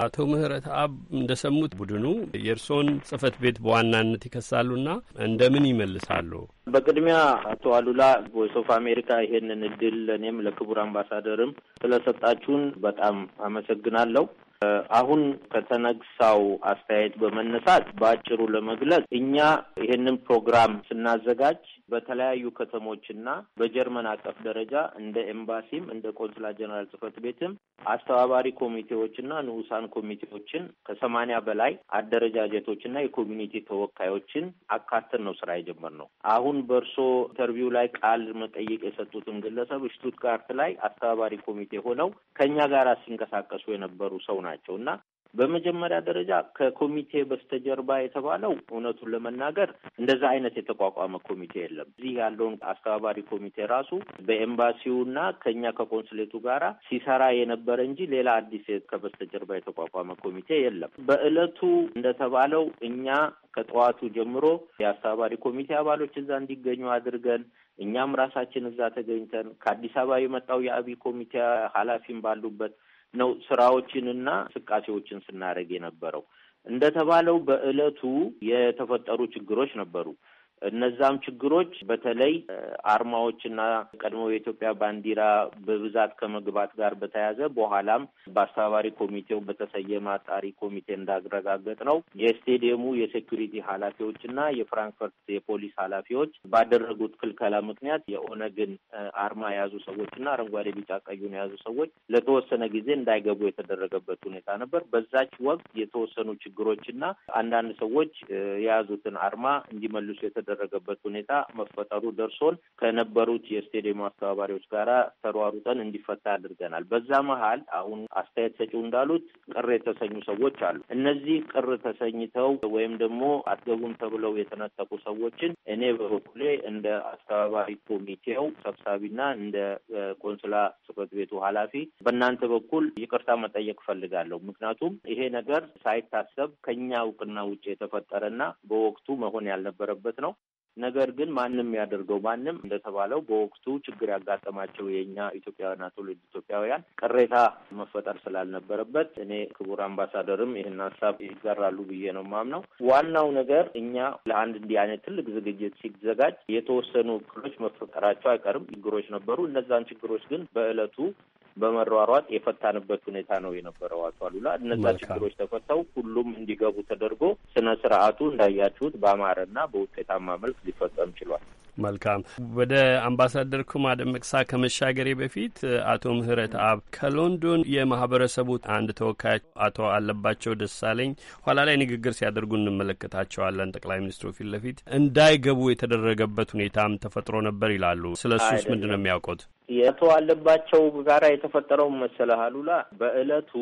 አቶ ምህረት አብ እንደሰሙት ቡድኑ የእርሶን ጽህፈት ቤት በዋናነት ይከሳሉና እንደምን ይመልሳሉ? በቅድሚያ አቶ አሉላ ቮይስ ኦፍ አሜሪካ ይሄንን እድል ለእኔም ለክቡር አምባሳደርም ስለሰጣችሁን በጣም አመሰግናለሁ። አሁን ከተነግሳው አስተያየት በመነሳት በአጭሩ ለመግለጽ እኛ ይህንን ፕሮግራም ስናዘጋጅ በተለያዩ ከተሞችና በጀርመን አቀፍ ደረጃ እንደ ኤምባሲም እንደ ቆንስላ ጀነራል ጽህፈት ቤትም አስተባባሪ ኮሚቴዎችና ንዑሳን ኮሚቴዎችን ከሰማኒያ በላይ አደረጃጀቶችና የኮሚኒቲ ተወካዮችን አካተን ነው ስራ የጀመርነው። አሁን በእርሶ ኢንተርቪው ላይ ቃል መጠይቅ የሰጡትን ግለሰብ ሽቱትጋርት ላይ አስተባባሪ ኮሚቴ ሆነው ከእኛ ጋር ሲንቀሳቀሱ የነበሩ ሰው ናቸው። ናቸው እና በመጀመሪያ ደረጃ ከኮሚቴ በስተጀርባ የተባለው እውነቱን ለመናገር እንደዛ አይነት የተቋቋመ ኮሚቴ የለም። እዚህ ያለውን አስተባባሪ ኮሚቴ ራሱ በኤምባሲውና ከኛ ከቆንስሌቱ ጋር ሲሰራ የነበረ እንጂ ሌላ አዲስ ከበስተጀርባ የተቋቋመ ኮሚቴ የለም። በእለቱ እንደተባለው እኛ ከጠዋቱ ጀምሮ የአስተባባሪ ኮሚቴ አባሎች እዛ እንዲገኙ አድርገን እኛም ራሳችን እዛ ተገኝተን ከአዲስ አበባ የመጣው የአብይ ኮሚቴ ኃላፊም ባሉበት ነው ስራዎችንና እንቅስቃሴዎችን ስናደርግ የነበረው። እንደተባለው በእለቱ የተፈጠሩ ችግሮች ነበሩ። እነዛም ችግሮች በተለይ አርማዎችና ቀድሞ የኢትዮጵያ ባንዲራ በብዛት ከመግባት ጋር በተያያዘ በኋላም በአስተባባሪ ኮሚቴው በተሰየመ አጣሪ ኮሚቴ እንዳረጋገጥ ነው የስቴዲየሙ የሴኩሪቲ ኃላፊዎችና የፍራንክፈርት የፖሊስ ኃላፊዎች ባደረጉት ክልከላ ምክንያት የኦነግን አርማ የያዙ ሰዎች አረንጓዴ፣ ቢጫ ቀዩን የያዙ ሰዎች ለተወሰነ ጊዜ እንዳይገቡ የተደረገበት ሁኔታ ነበር። በዛች ወቅት የተወሰኑ ችግሮች አንዳንድ ሰዎች የያዙትን አርማ እንዲመልሱ የተደረ የተደረገበት ሁኔታ መፈጠሩ ደርሶን ከነበሩት የስቴዲየሙ አስተባባሪዎች ጋራ ተሯሩጠን እንዲፈታ አድርገናል። በዛ መሀል አሁን አስተያየት ሰጪው እንዳሉት ቅር የተሰኙ ሰዎች አሉ። እነዚህ ቅር ተሰኝተው ወይም ደግሞ አትገቡም ተብለው የተነጠቁ ሰዎችን እኔ በበኩሌ እንደ አስተባባሪ ኮሚቴው ሰብሳቢና እንደ ቆንስላ ጽሕፈት ቤቱ ኃላፊ በእናንተ በኩል ይቅርታ መጠየቅ ፈልጋለሁ። ምክንያቱም ይሄ ነገር ሳይታሰብ ከኛ እውቅና ውጭ የተፈጠረና በወቅቱ መሆን ያልነበረበት ነው። ነገር ግን ማንም ያደርገው ማንም እንደተባለው በወቅቱ ችግር ያጋጠማቸው የእኛ ኢትዮጵያውያንና ትውልድ ኢትዮጵያውያን ቅሬታ መፈጠር ስላልነበረበት እኔ ክቡር አምባሳደርም ይህን ሀሳብ ይጋራሉ ብዬ ነው ማምነው። ዋናው ነገር እኛ ለአንድ እንዲህ አይነት ትልቅ ዝግጅት ሲዘጋጅ የተወሰኑ እክሎች መፈጠራቸው አይቀርም። ችግሮች ነበሩ። እነዛን ችግሮች ግን በእለቱ። በመሯሯጥ የፈታንበት ሁኔታ ነው የነበረው። አቶ አሉላ እነዛ ችግሮች ተፈተው ሁሉም እንዲገቡ ተደርጎ ስነ ስርዓቱ እንዳያችሁት በአማረና በውጤታማ መልክ ሊፈጸም ችሏል። መልካም። ወደ አምባሳደር ኩማ ደመቅሳ ከመሻገሬ በፊት አቶ ምህረት አብ ከሎንዶን የማህበረሰቡ አንድ ተወካይ አቶ አለባቸው ደሳለኝ ኋላ ላይ ንግግር ሲያደርጉ እንመለከታቸዋለን። ጠቅላይ ሚኒስትሩ ፊት ለፊት እንዳይገቡ የተደረገበት ሁኔታም ተፈጥሮ ነበር ይላሉ። ስለ እሱስ ምንድን ነው የሚያውቁት? አለባቸው ጋራ የተፈጠረው መሰለህ አሉላ በእለቱ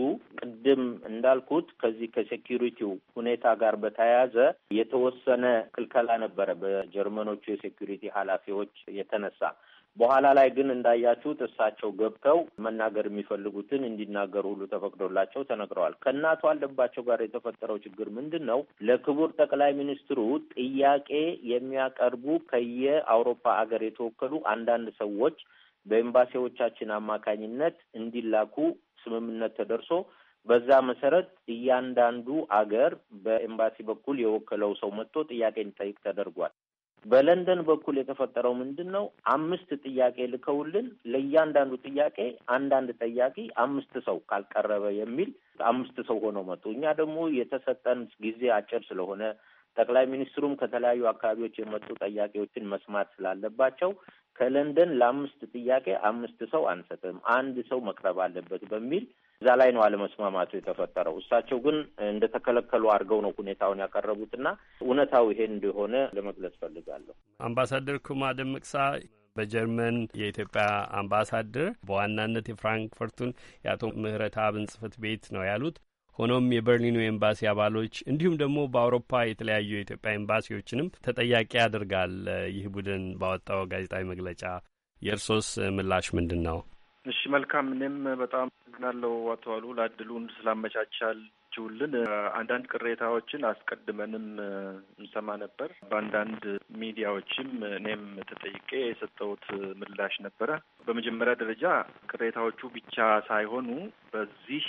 ቅድም እንዳልኩት ከዚህ ከሴኪሪቲው ሁኔታ ጋር በተያያዘ የተወሰነ ክልከላ ነበረ በጀርመኖቹ የሴኪሪቲ ኃላፊዎች የተነሳ በኋላ ላይ ግን እንዳያችሁት እሳቸው ገብተው መናገር የሚፈልጉትን እንዲናገሩ ሁሉ ተፈቅዶላቸው ተነግረዋል። ከእናቱ አለባቸው ጋር የተፈጠረው ችግር ምንድን ነው? ለክቡር ጠቅላይ ሚኒስትሩ ጥያቄ የሚያቀርቡ ከየአውሮፓ አገር የተወከሉ አንዳንድ ሰዎች በኤምባሲዎቻችን አማካኝነት እንዲላኩ ስምምነት ተደርሶ በዛ መሰረት እያንዳንዱ አገር በኤምባሲ በኩል የወከለው ሰው መጥቶ ጥያቄ እንዲጠይቅ ተደርጓል። በለንደን በኩል የተፈጠረው ምንድን ነው? አምስት ጥያቄ ልከውልን ለእያንዳንዱ ጥያቄ አንዳንድ ጠያቂ አምስት ሰው ካልቀረበ የሚል አምስት ሰው ሆነው መጡ። እኛ ደግሞ የተሰጠን ጊዜ አጭር ስለሆነ ጠቅላይ ሚኒስትሩም ከተለያዩ አካባቢዎች የመጡ ጥያቄዎችን መስማት ስላለባቸው ከለንደን ለአምስት ጥያቄ አምስት ሰው አንሰጥም፣ አንድ ሰው መቅረብ አለበት በሚል እዛ ላይ ነው አለመስማማቱ የተፈጠረው። እሳቸው ግን እንደተከለከሉ አድርገው ነው ሁኔታውን ያቀረቡትና እውነታው ይሄን እንደሆነ ለመግለጽ ፈልጋለሁ። አምባሳደር ኩማ ደመቅሳ በጀርመን የኢትዮጵያ አምባሳደር በዋናነት የፍራንክፈርቱን የአቶ ምህረተአብን ጽህፈት ቤት ነው ያሉት። ሆኖም የበርሊኑ ኤምባሲ አባሎች እንዲሁም ደግሞ በአውሮፓ የተለያዩ የኢትዮጵያ ኤምባሲዎችንም ተጠያቂ ያደርጋል ይህ ቡድን ባወጣው ጋዜጣዊ መግለጫ። የእርሶስ ምላሽ ምንድን ነው? እሺ መልካም። እኔም በጣም አመሰግናለሁ አቶ አሉ ለአድሉን ስላመቻቻል ያቀረባችሁልን አንዳንድ ቅሬታዎችን አስቀድመንም እንሰማ ነበር። በአንዳንድ ሚዲያዎችም እኔም ተጠይቄ የሰጠሁት ምላሽ ነበረ። በመጀመሪያ ደረጃ ቅሬታዎቹ ብቻ ሳይሆኑ በዚህ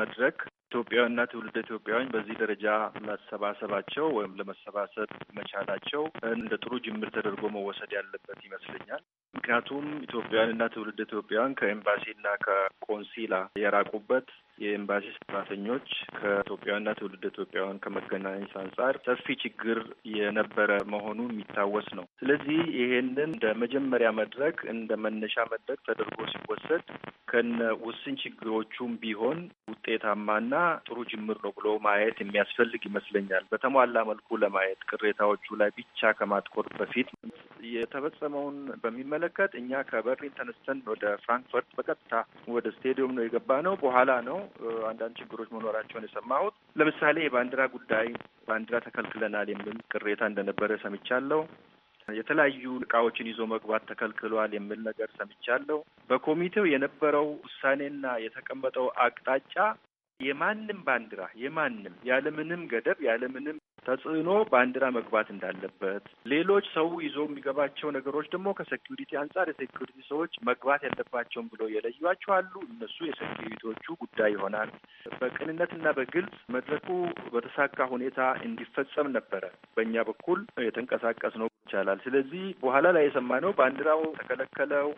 መድረክ ኢትዮጵያውያንና ትውልደ ኢትዮጵያውያን በዚህ ደረጃ መሰባሰባቸው ወይም ለመሰባሰብ መቻላቸው እንደ ጥሩ ጅምር ተደርጎ መወሰድ ያለበት ይመስለኛል። ምክንያቱም ኢትዮጵያውያንና ትውልድ ኢትዮጵያውያን ከኤምባሲና ከቆንሲላ የራቁበት የኤምባሲ ሰራተኞች ከኢትዮጵያና ትውልድ ኢትዮጵያውያን ከመገናኘት አንጻር ሰፊ ችግር የነበረ መሆኑ የሚታወስ ነው። ስለዚህ ይሄንን እንደ መጀመሪያ መድረክ እንደ መነሻ መድረክ ተደርጎ ሲወሰድ ከነ ውስን ችግሮቹም ቢሆን ውጤታማና ጥሩ ጅምር ነው ብሎ ማየት የሚያስፈልግ ይመስለኛል። በተሟላ መልኩ ለማየት ቅሬታዎቹ ላይ ብቻ ከማትኮር በፊት የተፈጸመውን በሚመለከት እኛ ከበርሊን ተነስተን ወደ ፍራንክፈርት በቀጥታ ወደ ስቴዲየም ነው የገባ ነው። በኋላ ነው አንዳንድ ችግሮች መኖራቸውን የሰማሁት። ለምሳሌ የባንዲራ ጉዳይ ባንዲራ ተከልክለናል የሚል ቅሬታ እንደነበረ ሰምቻለሁ። የተለያዩ እቃዎችን ይዞ መግባት ተከልክሏል የሚል ነገር ሰምቻለሁ። በኮሚቴው የነበረው ውሳኔና የተቀመጠው አቅጣጫ የማንም ባንዲራ የማንም ያለምንም ገደብ ያለምንም ተጽዕኖ ባንዲራ መግባት እንዳለበት፣ ሌሎች ሰው ይዞ የሚገባቸው ነገሮች ደግሞ ከሴኪሪቲ አንጻር የሴኪሪቲ ሰዎች መግባት ያለባቸውም ብሎ የለዩቸው አሉ። እነሱ የሴኪሪቲዎቹ ጉዳይ ይሆናል። በቅንነትና በግልጽ መድረኩ በተሳካ ሁኔታ እንዲፈጸም ነበረ በእኛ በኩል የተንቀሳቀስ ነው ይቻላል። ስለዚህ በኋላ ላይ የሰማነው ባንዲራው ተከለከለው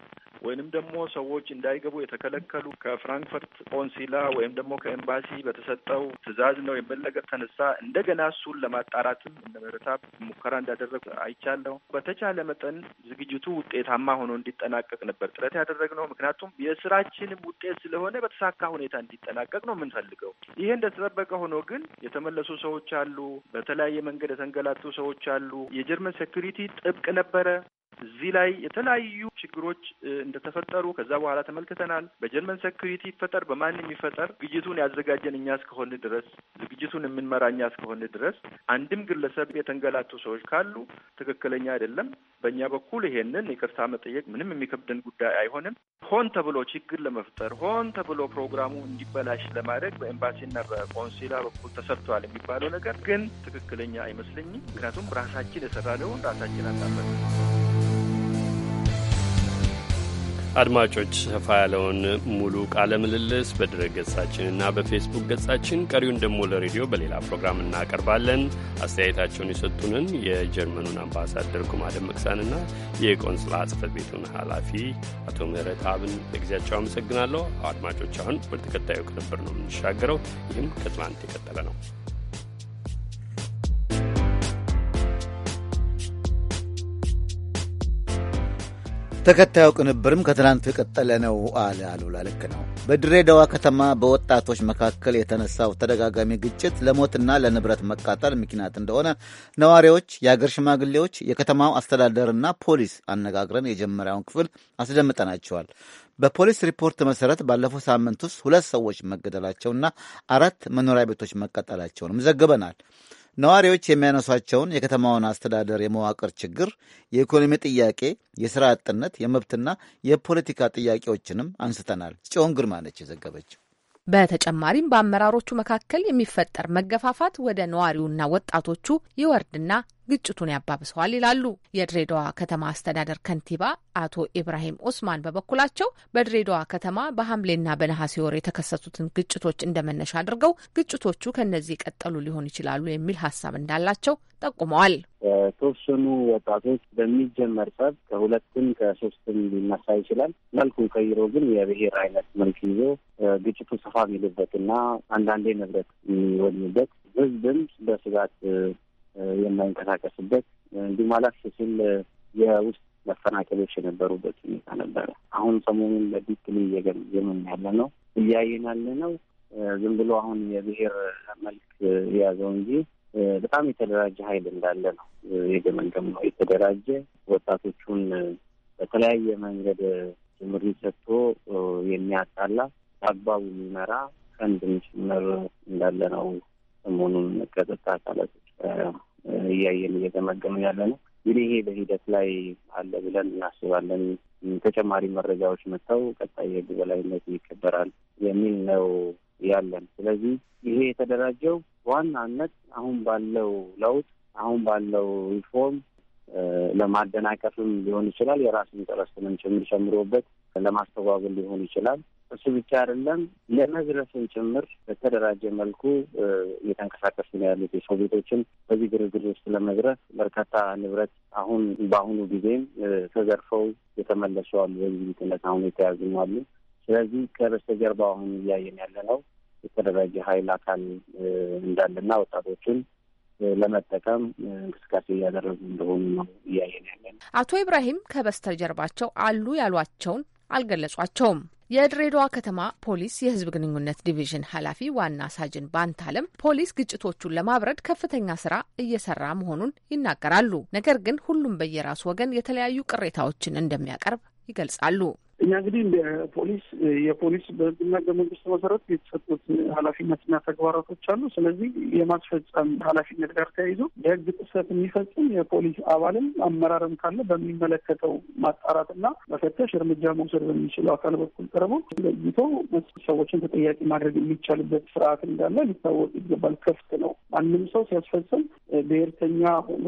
ወይንም ደግሞ ሰዎች እንዳይገቡ የተከለከሉ ከፍራንክፈርት ቆንሲላ ወይም ደግሞ ከኤምባሲ በተሰጠው ትዕዛዝ ነው የሚል ተነሳ። እንደገና እሱን ለማጣራትም እነ መረታብ ሙከራ እንዳደረጉ አይቻለሁ። በተቻለ መጠን ዝግጅቱ ውጤታማ ሆኖ እንዲጠናቀቅ ነበር ጥረት ያደረግነው። ምክንያቱም የስራችንም ውጤት ስለሆነ በተሳካ ሁኔታ እንዲጠናቀቅ ነው የምንፈልገው። ይሄ እንደተጠበቀ ሆኖ ግን የተመለሱ ሰዎች አሉ፣ በተለያየ መንገድ የተንገላቱ ሰዎች አሉ። የጀርመን ሴኩሪቲ ጥብቅ ነበረ። እዚህ ላይ የተለያዩ ችግሮች እንደተፈጠሩ ከዛ በኋላ ተመልክተናል። በጀርመን ሴኩሪቲ ይፈጠር በማን የሚፈጠር ዝግጅቱን ያዘጋጀን እኛ እስከሆን ድረስ ዝግጅቱን የምንመራ እኛ እስከሆን ድረስ አንድም ግለሰብ የተንገላቱ ሰዎች ካሉ ትክክለኛ አይደለም። በእኛ በኩል ይሄንን ይቅርታ መጠየቅ ምንም የሚከብደን ጉዳይ አይሆንም። ሆን ተብሎ ችግር ለመፍጠር ሆን ተብሎ ፕሮግራሙ እንዲበላሽ ለማድረግ በኤምባሲና በቆንሲላ በኩል ተሰርተዋል የሚባለው ነገር ግን ትክክለኛ አይመስለኝም። ምክንያቱም ራሳችን የሰራነውን ራሳችን አናፈ አድማጮች ሰፋ ያለውን ሙሉ ቃለ ምልልስ በድረ ገጻችንና በፌስቡክ ገጻችን፣ ቀሪውን ደግሞ ለሬዲዮ በሌላ ፕሮግራም እናቀርባለን። አስተያየታቸውን የሰጡንን የጀርመኑን አምባሳደር ኩማ ደመቅሳንና የቆንስላ ጽህፈት ቤቱን ኃላፊ አቶ ምህረት አብን ለጊዜያቸው አመሰግናለሁ። አድማጮች አሁን ወደ ተከታዩ ቅንብር ነው የምንሻገረው። ይህም ከትላንት የቀጠለ ነው። ተከታዩ ቅንብርም ከትናንቱ የቀጠለ ነው አለ አሉላ። ልክ ነው። በድሬዳዋ ከተማ በወጣቶች መካከል የተነሳው ተደጋጋሚ ግጭት ለሞትና ለንብረት መቃጠል ምክንያት እንደሆነ ነዋሪዎች፣ የአገር ሽማግሌዎች፣ የከተማው አስተዳደርና ፖሊስ አነጋግረን የጀመሪያውን ክፍል አስደምጠናቸዋል። በፖሊስ ሪፖርት መሰረት ባለፈው ሳምንት ውስጥ ሁለት ሰዎች መገደላቸውና አራት መኖሪያ ቤቶች መቃጠላቸውንም ዘግበናል። ነዋሪዎች የሚያነሷቸውን የከተማውን አስተዳደር የመዋቅር ችግር፣ የኢኮኖሚ ጥያቄ፣ የሥራ አጥነት፣ የመብትና የፖለቲካ ጥያቄዎችንም አንስተናል። ጽዮን ግርማ ነች የዘገበችው። በተጨማሪም በአመራሮቹ መካከል የሚፈጠር መገፋፋት ወደ ነዋሪውና ወጣቶቹ ይወርድና ግጭቱን ያባብሰዋል ይላሉ። የድሬዳዋ ከተማ አስተዳደር ከንቲባ አቶ ኢብራሂም ኡስማን በበኩላቸው በድሬዳዋ ከተማ በሐምሌና በነሐሴ ወር የተከሰቱትን ግጭቶች እንደመነሻ አድርገው ግጭቶቹ ከነዚህ የቀጠሉ ሊሆን ይችላሉ የሚል ሀሳብ እንዳላቸው ጠቁመዋል። በተወሰኑ ወጣቶች በሚጀመር ጸብ ከሁለትም ከሶስትም ሊነሳ ይችላል። መልኩን ቀይሮ ግን የብሔር አይነት መልክ ይዞ ግጭቱ ሰፋ እና አንዳንዴ ንብረት የሚወድምበት ህዝብም በስጋት የማይንቀሳቀስበት እንዲሁ ማለት ስል የውስጥ መፈናቀሎች የነበሩበት ሁኔታ ነበረ። አሁን ሰሞኑን በዲፕሊ እየገመገምን ያለ ነው እያየን ያለ ነው። ዝም ብሎ አሁን የብሔር መልክ የያዘው እንጂ በጣም የተደራጀ ኃይል እንዳለ ነው የገመገም ነው። የተደራጀ ወጣቶቹን በተለያየ መንገድ ምሪት ሰጥቶ የሚያጣላ በአግባቡ የሚመራ ከንድም ጭምር እንዳለ ነው። ሰሞኑን ከጸጥታ አካላቶች እያየን እየገመገምን ያለ ነው። ግን ይሄ በሂደት ላይ አለ ብለን እናስባለን። ተጨማሪ መረጃዎች መጥተው ቀጣይ የህግ በላይነት ይከበራል የሚል ነው ያለን። ስለዚህ ይሄ የተደራጀው በዋናነት አሁን ባለው ለውጥ አሁን ባለው ሪፎርም ለማደናቀፍም ሊሆን ይችላል። የራስ ኢንተረስትንም ጭምር ጨምሮበት ለማስተጓጎል ሊሆን ይችላል። እሱ ብቻ አይደለም፣ ለመዝረፍን ጭምር በተደራጀ መልኩ እየተንቀሳቀሱ ነው ያሉት። የሰው ቤቶችን በዚህ ግርግር ውስጥ ለመዝረፍ በርካታ ንብረት አሁን በአሁኑ ጊዜም ተዘርፈው የተመለሱ አሉ። በዚህ አሁን የተያዙም አሉ። ስለዚህ ከበስተጀርባ አሁን እያየን ያለ ነው የተደራጀ ኃይል አካል እንዳለና ወጣቶችን ለመጠቀም እንቅስቃሴ እያደረጉ እንደሆኑ ነው እያየን ያለን። አቶ ኢብራሂም ከበስተጀርባቸው አሉ ያሏቸውን አልገለጿቸውም። የድሬዳዋ ከተማ ፖሊስ የሕዝብ ግንኙነት ዲቪዥን ኃላፊ ዋና ሳጅን ባንታለም ፖሊስ ግጭቶቹን ለማብረድ ከፍተኛ ስራ እየሰራ መሆኑን ይናገራሉ። ነገር ግን ሁሉም በየራሱ ወገን የተለያዩ ቅሬታዎችን እንደሚያቀርብ ይገልጻሉ። እኛ እንግዲህ እንደ ፖሊስ የፖሊስ በህግና ህገ መንግስት መሰረት የተሰጡት ኃላፊነትና ተግባራቶች አሉ። ስለዚህ የማስፈጸም ኃላፊነት ጋር ተያይዞ የህግ ጥሰት የሚፈጽም የፖሊስ አባልም አመራርም ካለ በሚመለከተው ማጣራትና መፈተሽ እርምጃ መውሰድ በሚችለው አካል በኩል ቀርቦ ለይቶ ሰዎችን ተጠያቂ ማድረግ የሚቻልበት ስርዓት እንዳለ ሊታወቅ ይገባል። ክፍት ነው። ማንም ሰው ሲያስፈጽም ብሔርተኛ ሆኖ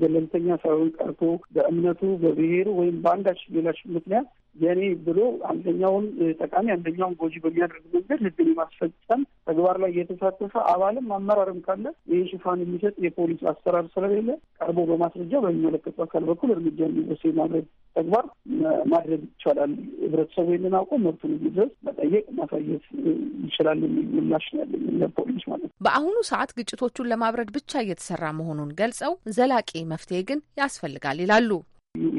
ገለልተኛ ሳይሆን ቀርቶ በእምነቱ፣ በብሔሩ ወይም በአንዳች ሌላች ምክንያት የኔ ብሎ አንደኛውን ጠቃሚ አንደኛውን ጎጂ በሚያደርግ መንገድ ህግን የማስፈጸም ተግባር ላይ የተሳተፈ አባልም አመራርም ካለ ይህ ሽፋን የሚሰጥ የፖሊስ አሰራር ስለሌለ ቀርቦ በማስረጃ በሚመለከቱ አካል በኩል እርምጃ የሚወሰድ ማድረግ ተግባር ማድረግ ይቻላል። ህብረተሰቡ ይህንን አውቆ መብቱን እንዲድረስ መጠየቅ ማሳየት ይችላል የሚል ምላሽ ያለኝ ለፖሊስ ማለት ነው። በአሁኑ ሰዓት ግጭቶቹን ለማብረድ ብቻ እየተሰራ መሆኑን ገልጸው ዘላቂ መፍትሄ ግን ያስፈልጋል ይላሉ።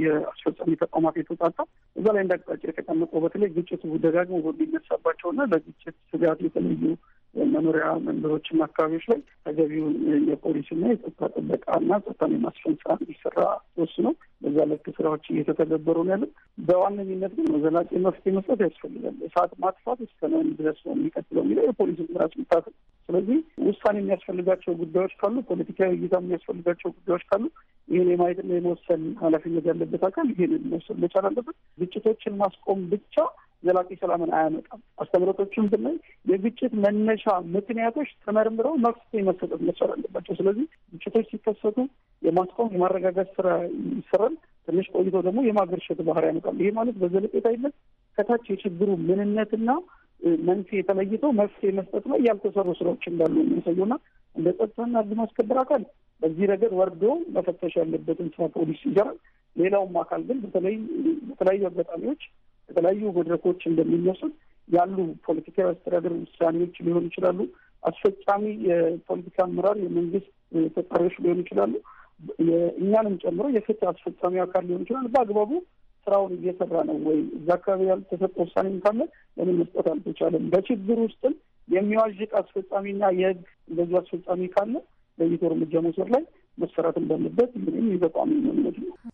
የአስፈጻሚ ተቋማት የተውጣጣ እዛ ላይ እንዳቅጣጫ የተቀመጠው በተለይ ግጭቱ ደጋግሞ በሚነሳባቸውና ለግጭት ስጋት የተለዩ መኖሪያ መንደሮችና አካባቢዎች ላይ ተገቢውን የፖሊስና የጸጥታ ጥበቃና ጸጥታን የማስፈን ስራ እንዲሰራ ወስኖ በዛ ልክ ስራዎች እየተተገበሩ ነው ያለው። በዋነኝነት ግን ዘላቂ መፍትሄ መስጠት ያስፈልጋል። እሳት ማጥፋት እስከነን ድረስ ነው የሚቀጥለው የሚለው የፖሊስ ራሱ ምታት። ስለዚህ ውሳኔ የሚያስፈልጋቸው ጉዳዮች ካሉ፣ ፖለቲካዊ እይታ የሚያስፈልጋቸው ጉዳዮች ካሉ ይህን የማየትና የመወሰን ኃላፊነት ያለበት አካል ይህንን መወሰን መቻል አለበት። ግጭቶችን ማስቆም ብቻ ዘላቂ ሰላምን አያመጣም። አስተምህሮቶቹም ብናይ የግጭት መነሻ ምክንያቶች ተመርምረው መፍትሄ መሰጠት መቻል አለባቸው። ስለዚህ ግጭቶች ሲከሰቱ የማስቆም የማረጋጋት ስራ ይሰራል። ትንሽ ቆይቶ ደግሞ የማገርሸት ባህሪ ያመጣል። ይሄ ማለት በዘለቄታይነት ከታች የችግሩ ምንነትና መንስኤ የተለይተው መፍትሄ መስጠት ላይ ያልተሰሩ ስራዎች እንዳሉ የሚያሳየውና እንደ ጸጥታና ሕግ ማስከበር አካል በዚህ ረገድ ወርዶ መፈተሽ ያለበትን ስራ ፖሊስ ይሰራል። ሌላውም አካል ግን በተለይ በተለያዩ አጋጣሚዎች የተለያዩ መድረኮች እንደሚነሱት ያሉ ፖለቲካዊ አስተዳደር ውሳኔዎች ሊሆኑ ይችላሉ። አስፈጻሚ የፖለቲካ አመራር የመንግስት ተጠሪዎች ሊሆኑ ይችላሉ። እኛንም ጨምሮ የፍትህ አስፈጻሚ አካል ሊሆን ይችላል። በአግባቡ ስራውን እየሰራ ነው ወይ? እዛ አካባቢ ያልተሰጠ ውሳኔም ካለ ለምን መስጠት አልተቻለም? በችግር ውስጥም የሚዋዥቅ አስፈጻሚና የህግ እንደዚሁ አስፈጻሚ ካለ ለይቶ እርምጃ መውሰድ ላይ መሰራት እንዳለበት ምንም ይበቋም ነው።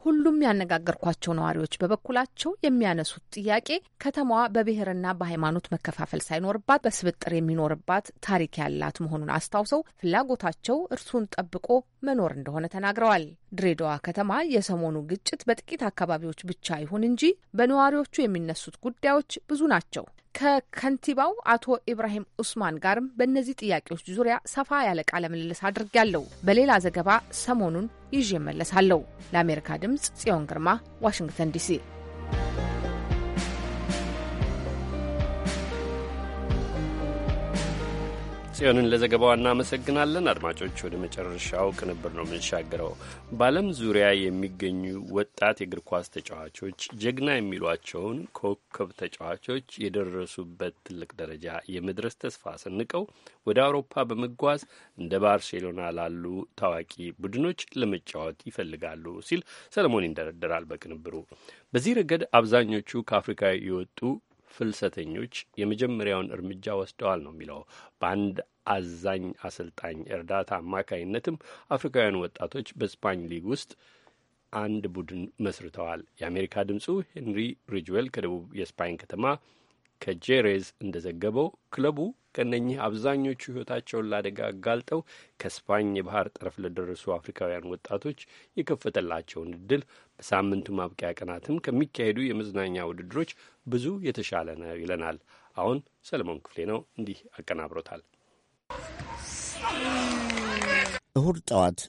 ሁሉም ያነጋገርኳቸው ነዋሪዎች በበኩላቸው የሚያነሱት ጥያቄ ከተማዋ በብሔርና በሃይማኖት መከፋፈል ሳይኖርባት በስብጥር የሚኖርባት ታሪክ ያላት መሆኑን አስታውሰው ፍላጎታቸው እርሱን ጠብቆ መኖር እንደሆነ ተናግረዋል። ድሬዳዋ ከተማ የሰሞኑ ግጭት በጥቂት አካባቢዎች ብቻ ይሁን እንጂ በነዋሪዎቹ የሚነሱት ጉዳዮች ብዙ ናቸው። ከከንቲባው አቶ ኢብራሂም ኡስማን ጋርም በእነዚህ ጥያቄዎች ዙሪያ ሰፋ ያለ ቃለ ምልልስ አድርጌያለሁ። በሌላ ዘገባ ሰሞኑን ይዤ እመለሳለሁ። ለአሜሪካ ድምፅ ጽዮን ግርማ ዋሽንግተን ዲሲ። ጽዮንን ለዘገባዋ እናመሰግናለን። አድማጮች ወደ መጨረሻው ቅንብር ነው የምንሻገረው። በዓለም ዙሪያ የሚገኙ ወጣት የእግር ኳስ ተጫዋቾች ጀግና የሚሏቸውን ኮከብ ተጫዋቾች የደረሱበት ትልቅ ደረጃ የመድረስ ተስፋ ሰንቀው ወደ አውሮፓ በመጓዝ እንደ ባርሴሎና ላሉ ታዋቂ ቡድኖች ለመጫወት ይፈልጋሉ ሲል ሰለሞን ይንደረደራል በቅንብሩ። በዚህ ረገድ አብዛኞቹ ከአፍሪካ የወጡ ፍልሰተኞች የመጀመሪያውን እርምጃ ወስደዋል ነው የሚለው። በአንድ አዛኝ አሰልጣኝ እርዳታ አማካይነትም አፍሪካውያን ወጣቶች በስፓኝ ሊግ ውስጥ አንድ ቡድን መስርተዋል። የአሜሪካ ድምፁ ሄንሪ ሪጅዌል ከደቡብ የስፓኝ ከተማ ከጄሬዝ እንደዘገበው ክለቡ ከነኚህ አብዛኞቹ ሕይወታቸውን ላደጋ አጋልጠው ከስፓኝ የባህር ጠረፍ ለደረሱ አፍሪካውያን ወጣቶች የከፈተላቸውን እድል በሳምንቱ ማብቂያ ቀናትም ከሚካሄዱ የመዝናኛ ውድድሮች ብዙ የተሻለ ነው ይለናል። አሁን ሰለሞን ክፍሌ ነው እንዲህ አቀናብሮታል። እሁድ ጠዋት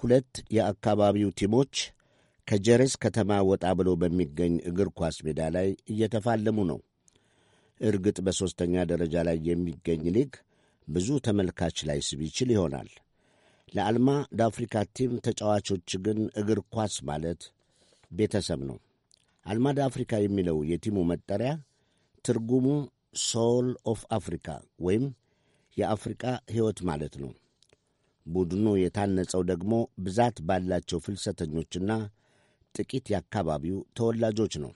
ሁለት የአካባቢው ቲሞች ከጀሬስ ከተማ ወጣ ብሎ በሚገኝ እግር ኳስ ሜዳ ላይ እየተፋለሙ ነው። እርግጥ በሦስተኛ ደረጃ ላይ የሚገኝ ሊግ ብዙ ተመልካች ላይ ስብ ይችል ይሆናል። ለአልማ ለአፍሪካ ቲም ተጫዋቾች ግን እግር ኳስ ማለት ቤተሰብ ነው። አልማ አፍሪካ የሚለው የቲሙ መጠሪያ ትርጉሙ ሶል ኦፍ አፍሪካ ወይም የአፍሪቃ ሕይወት ማለት ነው። ቡድኑ የታነጸው ደግሞ ብዛት ባላቸው ፍልሰተኞችና ጥቂት የአካባቢው ተወላጆች ነው።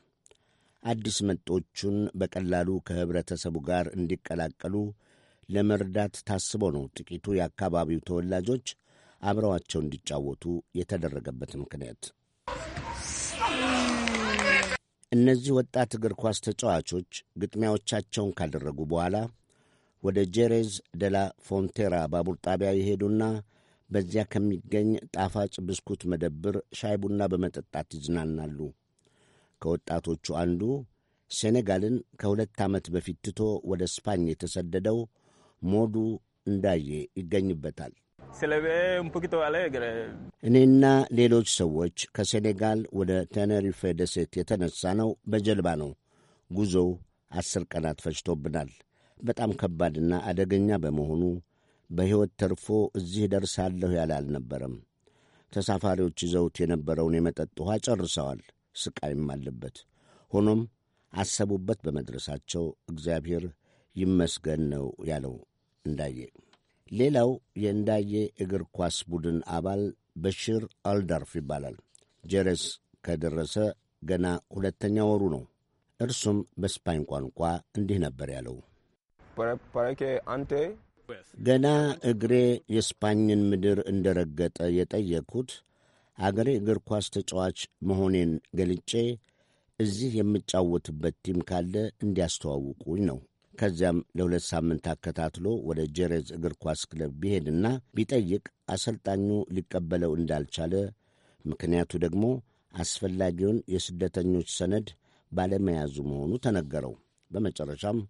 አዲስ መጤዎቹን በቀላሉ ከህብረተሰቡ ጋር እንዲቀላቀሉ ለመርዳት ታስቦ ነው ጥቂቱ የአካባቢው ተወላጆች አብረዋቸው እንዲጫወቱ የተደረገበት ምክንያት። እነዚህ ወጣት እግር ኳስ ተጫዋቾች ግጥሚያዎቻቸውን ካደረጉ በኋላ ወደ ጄሬዝ ደላ ፎንቴራ ባቡር ጣቢያ ይሄዱና በዚያ ከሚገኝ ጣፋጭ ብስኩት መደብር ሻይ ቡና በመጠጣት ይዝናናሉ። ከወጣቶቹ አንዱ ሴኔጋልን ከሁለት ዓመት በፊት ትቶ ወደ ስፓኝ የተሰደደው ሞዱ እንዳዬ ይገኝበታል። እኔና ሌሎች ሰዎች ከሴኔጋል ወደ ቴነሪፌ ደሴት የተነሳ ነው። በጀልባ ነው። ጉዞው አስር ቀናት ፈጅቶብናል። በጣም ከባድና አደገኛ በመሆኑ በሕይወት ተርፎ እዚህ ደርሳለሁ ያለ አልነበረም። ተሳፋሪዎች ይዘውት የነበረውን የመጠጥ ውኃ ጨርሰዋል። ስቃይም አለበት። ሆኖም አሰቡበት በመድረሳቸው እግዚአብሔር ይመስገን ነው ያለው እንዳዬ። ሌላው የእንዳዬ እግር ኳስ ቡድን አባል በሽር አልዳርፍ ይባላል። ጀረስ ከደረሰ ገና ሁለተኛ ወሩ ነው። እርሱም በስፓኝ ቋንቋ እንዲህ ነበር ያለው። ገና እግሬ የስፓኝን ምድር እንደረገጠ የጠየቅሁት አገሬ እግር ኳስ ተጫዋች መሆኔን ገልጬ እዚህ የምጫወትበት ቲም ካለ እንዲያስተዋውቁኝ ነው። ከዚያም ለሁለት ሳምንት አከታትሎ ወደ ጀሬዝ እግር ኳስ ክለብ ቢሄድና ቢጠይቅ አሰልጣኙ ሊቀበለው እንዳልቻለ፣ ምክንያቱ ደግሞ አስፈላጊውን የስደተኞች ሰነድ ባለመያዙ መሆኑ ተነገረው። በመጨረሻም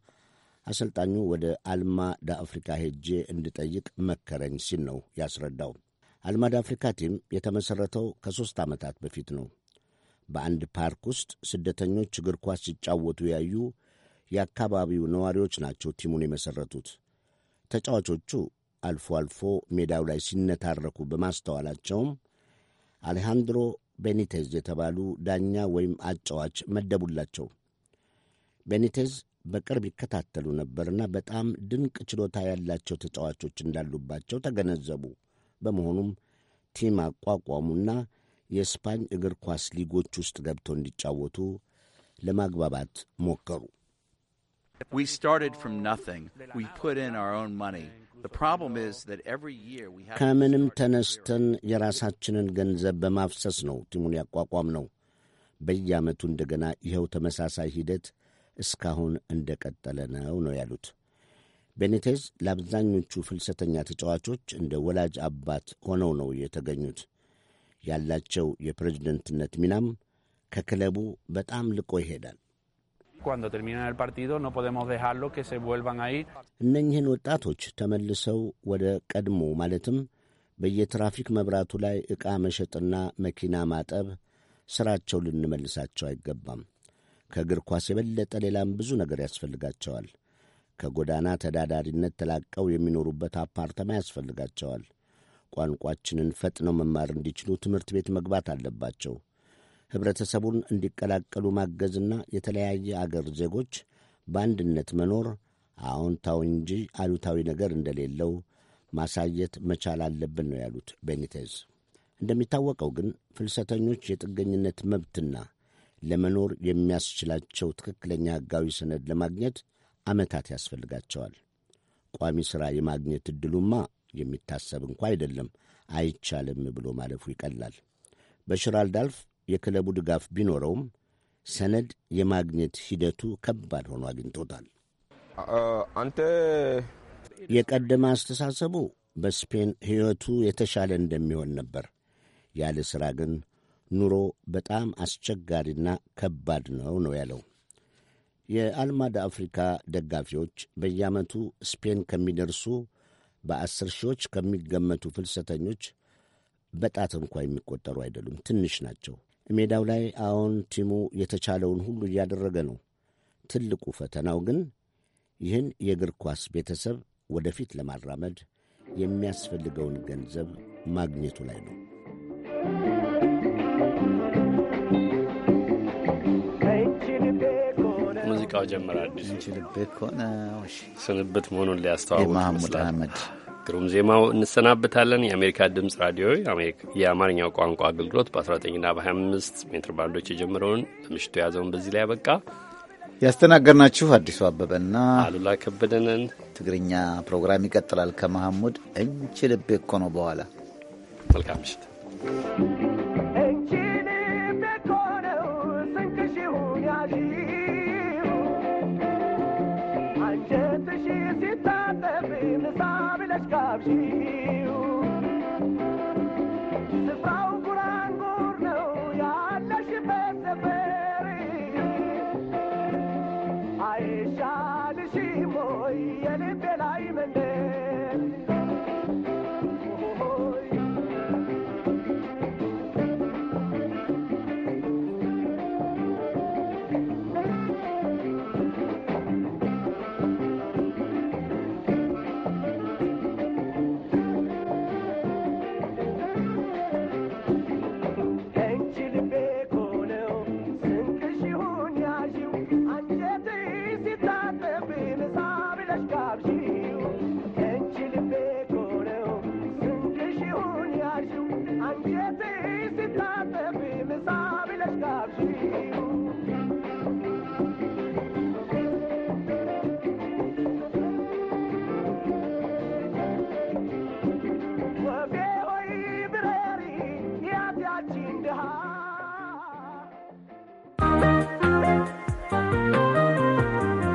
አሰልጣኙ ወደ አልማ ዳ አፍሪካ ሄጄ እንድጠይቅ መከረኝ ሲል ነው ያስረዳው። አልማድ አፍሪካ ቲም የተመሠረተው ከሦስት ዓመታት በፊት ነው። በአንድ ፓርክ ውስጥ ስደተኞች እግር ኳስ ሲጫወቱ ያዩ የአካባቢው ነዋሪዎች ናቸው ቲሙን የመሠረቱት። ተጫዋቾቹ አልፎ አልፎ ሜዳው ላይ ሲነታረኩ በማስተዋላቸውም አሌሃንድሮ ቤኒቴዝ የተባሉ ዳኛ ወይም አጫዋች መደቡላቸው። ቤኒቴዝ በቅርብ ይከታተሉ ነበርና በጣም ድንቅ ችሎታ ያላቸው ተጫዋቾች እንዳሉባቸው ተገነዘቡ። በመሆኑም ቲም አቋቋሙና የስፓኝ እግር ኳስ ሊጎች ውስጥ ገብተው እንዲጫወቱ ለማግባባት ሞከሩ። ከምንም ተነስተን የራሳችንን ገንዘብ በማፍሰስ ነው ቲሙን ያቋቋም ነው። በየዓመቱ እንደገና ይኸው ተመሳሳይ ሂደት እስካሁን እንደቀጠለ ነው ነው ያሉት። ቤኔቴዝ ለአብዛኞቹ ፍልሰተኛ ተጫዋቾች እንደ ወላጅ አባት ሆነው ነው የተገኙት። ያላቸው የፕሬዝደንትነት ሚናም ከክለቡ በጣም ልቆ ይሄዳል። እነኝህን ወጣቶች ተመልሰው ወደ ቀድሞ ማለትም በየትራፊክ መብራቱ ላይ ዕቃ መሸጥና መኪና ማጠብ ሥራቸው ልንመልሳቸው አይገባም። ከእግር ኳስ የበለጠ ሌላም ብዙ ነገር ያስፈልጋቸዋል። ከጎዳና ተዳዳሪነት ተላቀው የሚኖሩበት አፓርታማ ያስፈልጋቸዋል። ቋንቋችንን ፈጥነው መማር እንዲችሉ ትምህርት ቤት መግባት አለባቸው። ኅብረተሰቡን እንዲቀላቀሉ ማገዝና የተለያየ አገር ዜጎች በአንድነት መኖር አዎንታዊ እንጂ አሉታዊ ነገር እንደሌለው ማሳየት መቻል አለብን ነው ያሉት ቤኒቴዝ። እንደሚታወቀው ግን ፍልሰተኞች የጥገኝነት መብትና ለመኖር የሚያስችላቸው ትክክለኛ ሕጋዊ ሰነድ ለማግኘት ዓመታት ያስፈልጋቸዋል። ቋሚ ሥራ የማግኘት ዕድሉማ የሚታሰብ እንኳ አይደለም። አይቻልም ብሎ ማለፉ ይቀላል። በሽር አልዳልፍ የክለቡ ድጋፍ ቢኖረውም ሰነድ የማግኘት ሂደቱ ከባድ ሆኖ አግኝቶታል። አንተ የቀደመ አስተሳሰቡ በስፔን ሕይወቱ የተሻለ እንደሚሆን ነበር። ያለ ሥራ ግን ኑሮ በጣም አስቸጋሪና ከባድ ነው ነው ያለው። የአልማዳ አፍሪካ ደጋፊዎች በየዓመቱ ስፔን ከሚደርሱ በአስር ሺዎች ከሚገመቱ ፍልሰተኞች በጣት እንኳ የሚቆጠሩ አይደሉም፣ ትንሽ ናቸው። ሜዳው ላይ አዎን፣ ቲሙ የተቻለውን ሁሉ እያደረገ ነው። ትልቁ ፈተናው ግን ይህን የእግር ኳስ ቤተሰብ ወደፊት ለማራመድ የሚያስፈልገውን ገንዘብ ማግኘቱ ላይ ነው። ሙዚቃው ጀምር አዲሱ ከሆነ ስንብት መሆኑን ሊያስተዋውቅ ማህሙድ አህመድ ግሩም ዜማው እንሰናብታለን። የአሜሪካ ድምፅ ራዲዮ የአማርኛው ቋንቋ አገልግሎት በ19ና በ25 ሜትር ባንዶች የጀመረውን ለምሽቱ የያዘውን በዚህ ላይ ያበቃ። ያስተናገድናችሁ አዲሱ አበበና አሉላ ከበደንን። ትግርኛ ፕሮግራም ይቀጥላል። ከመሐሙድ ልቤ እኮ ነው በኋላ መልካም ምሽት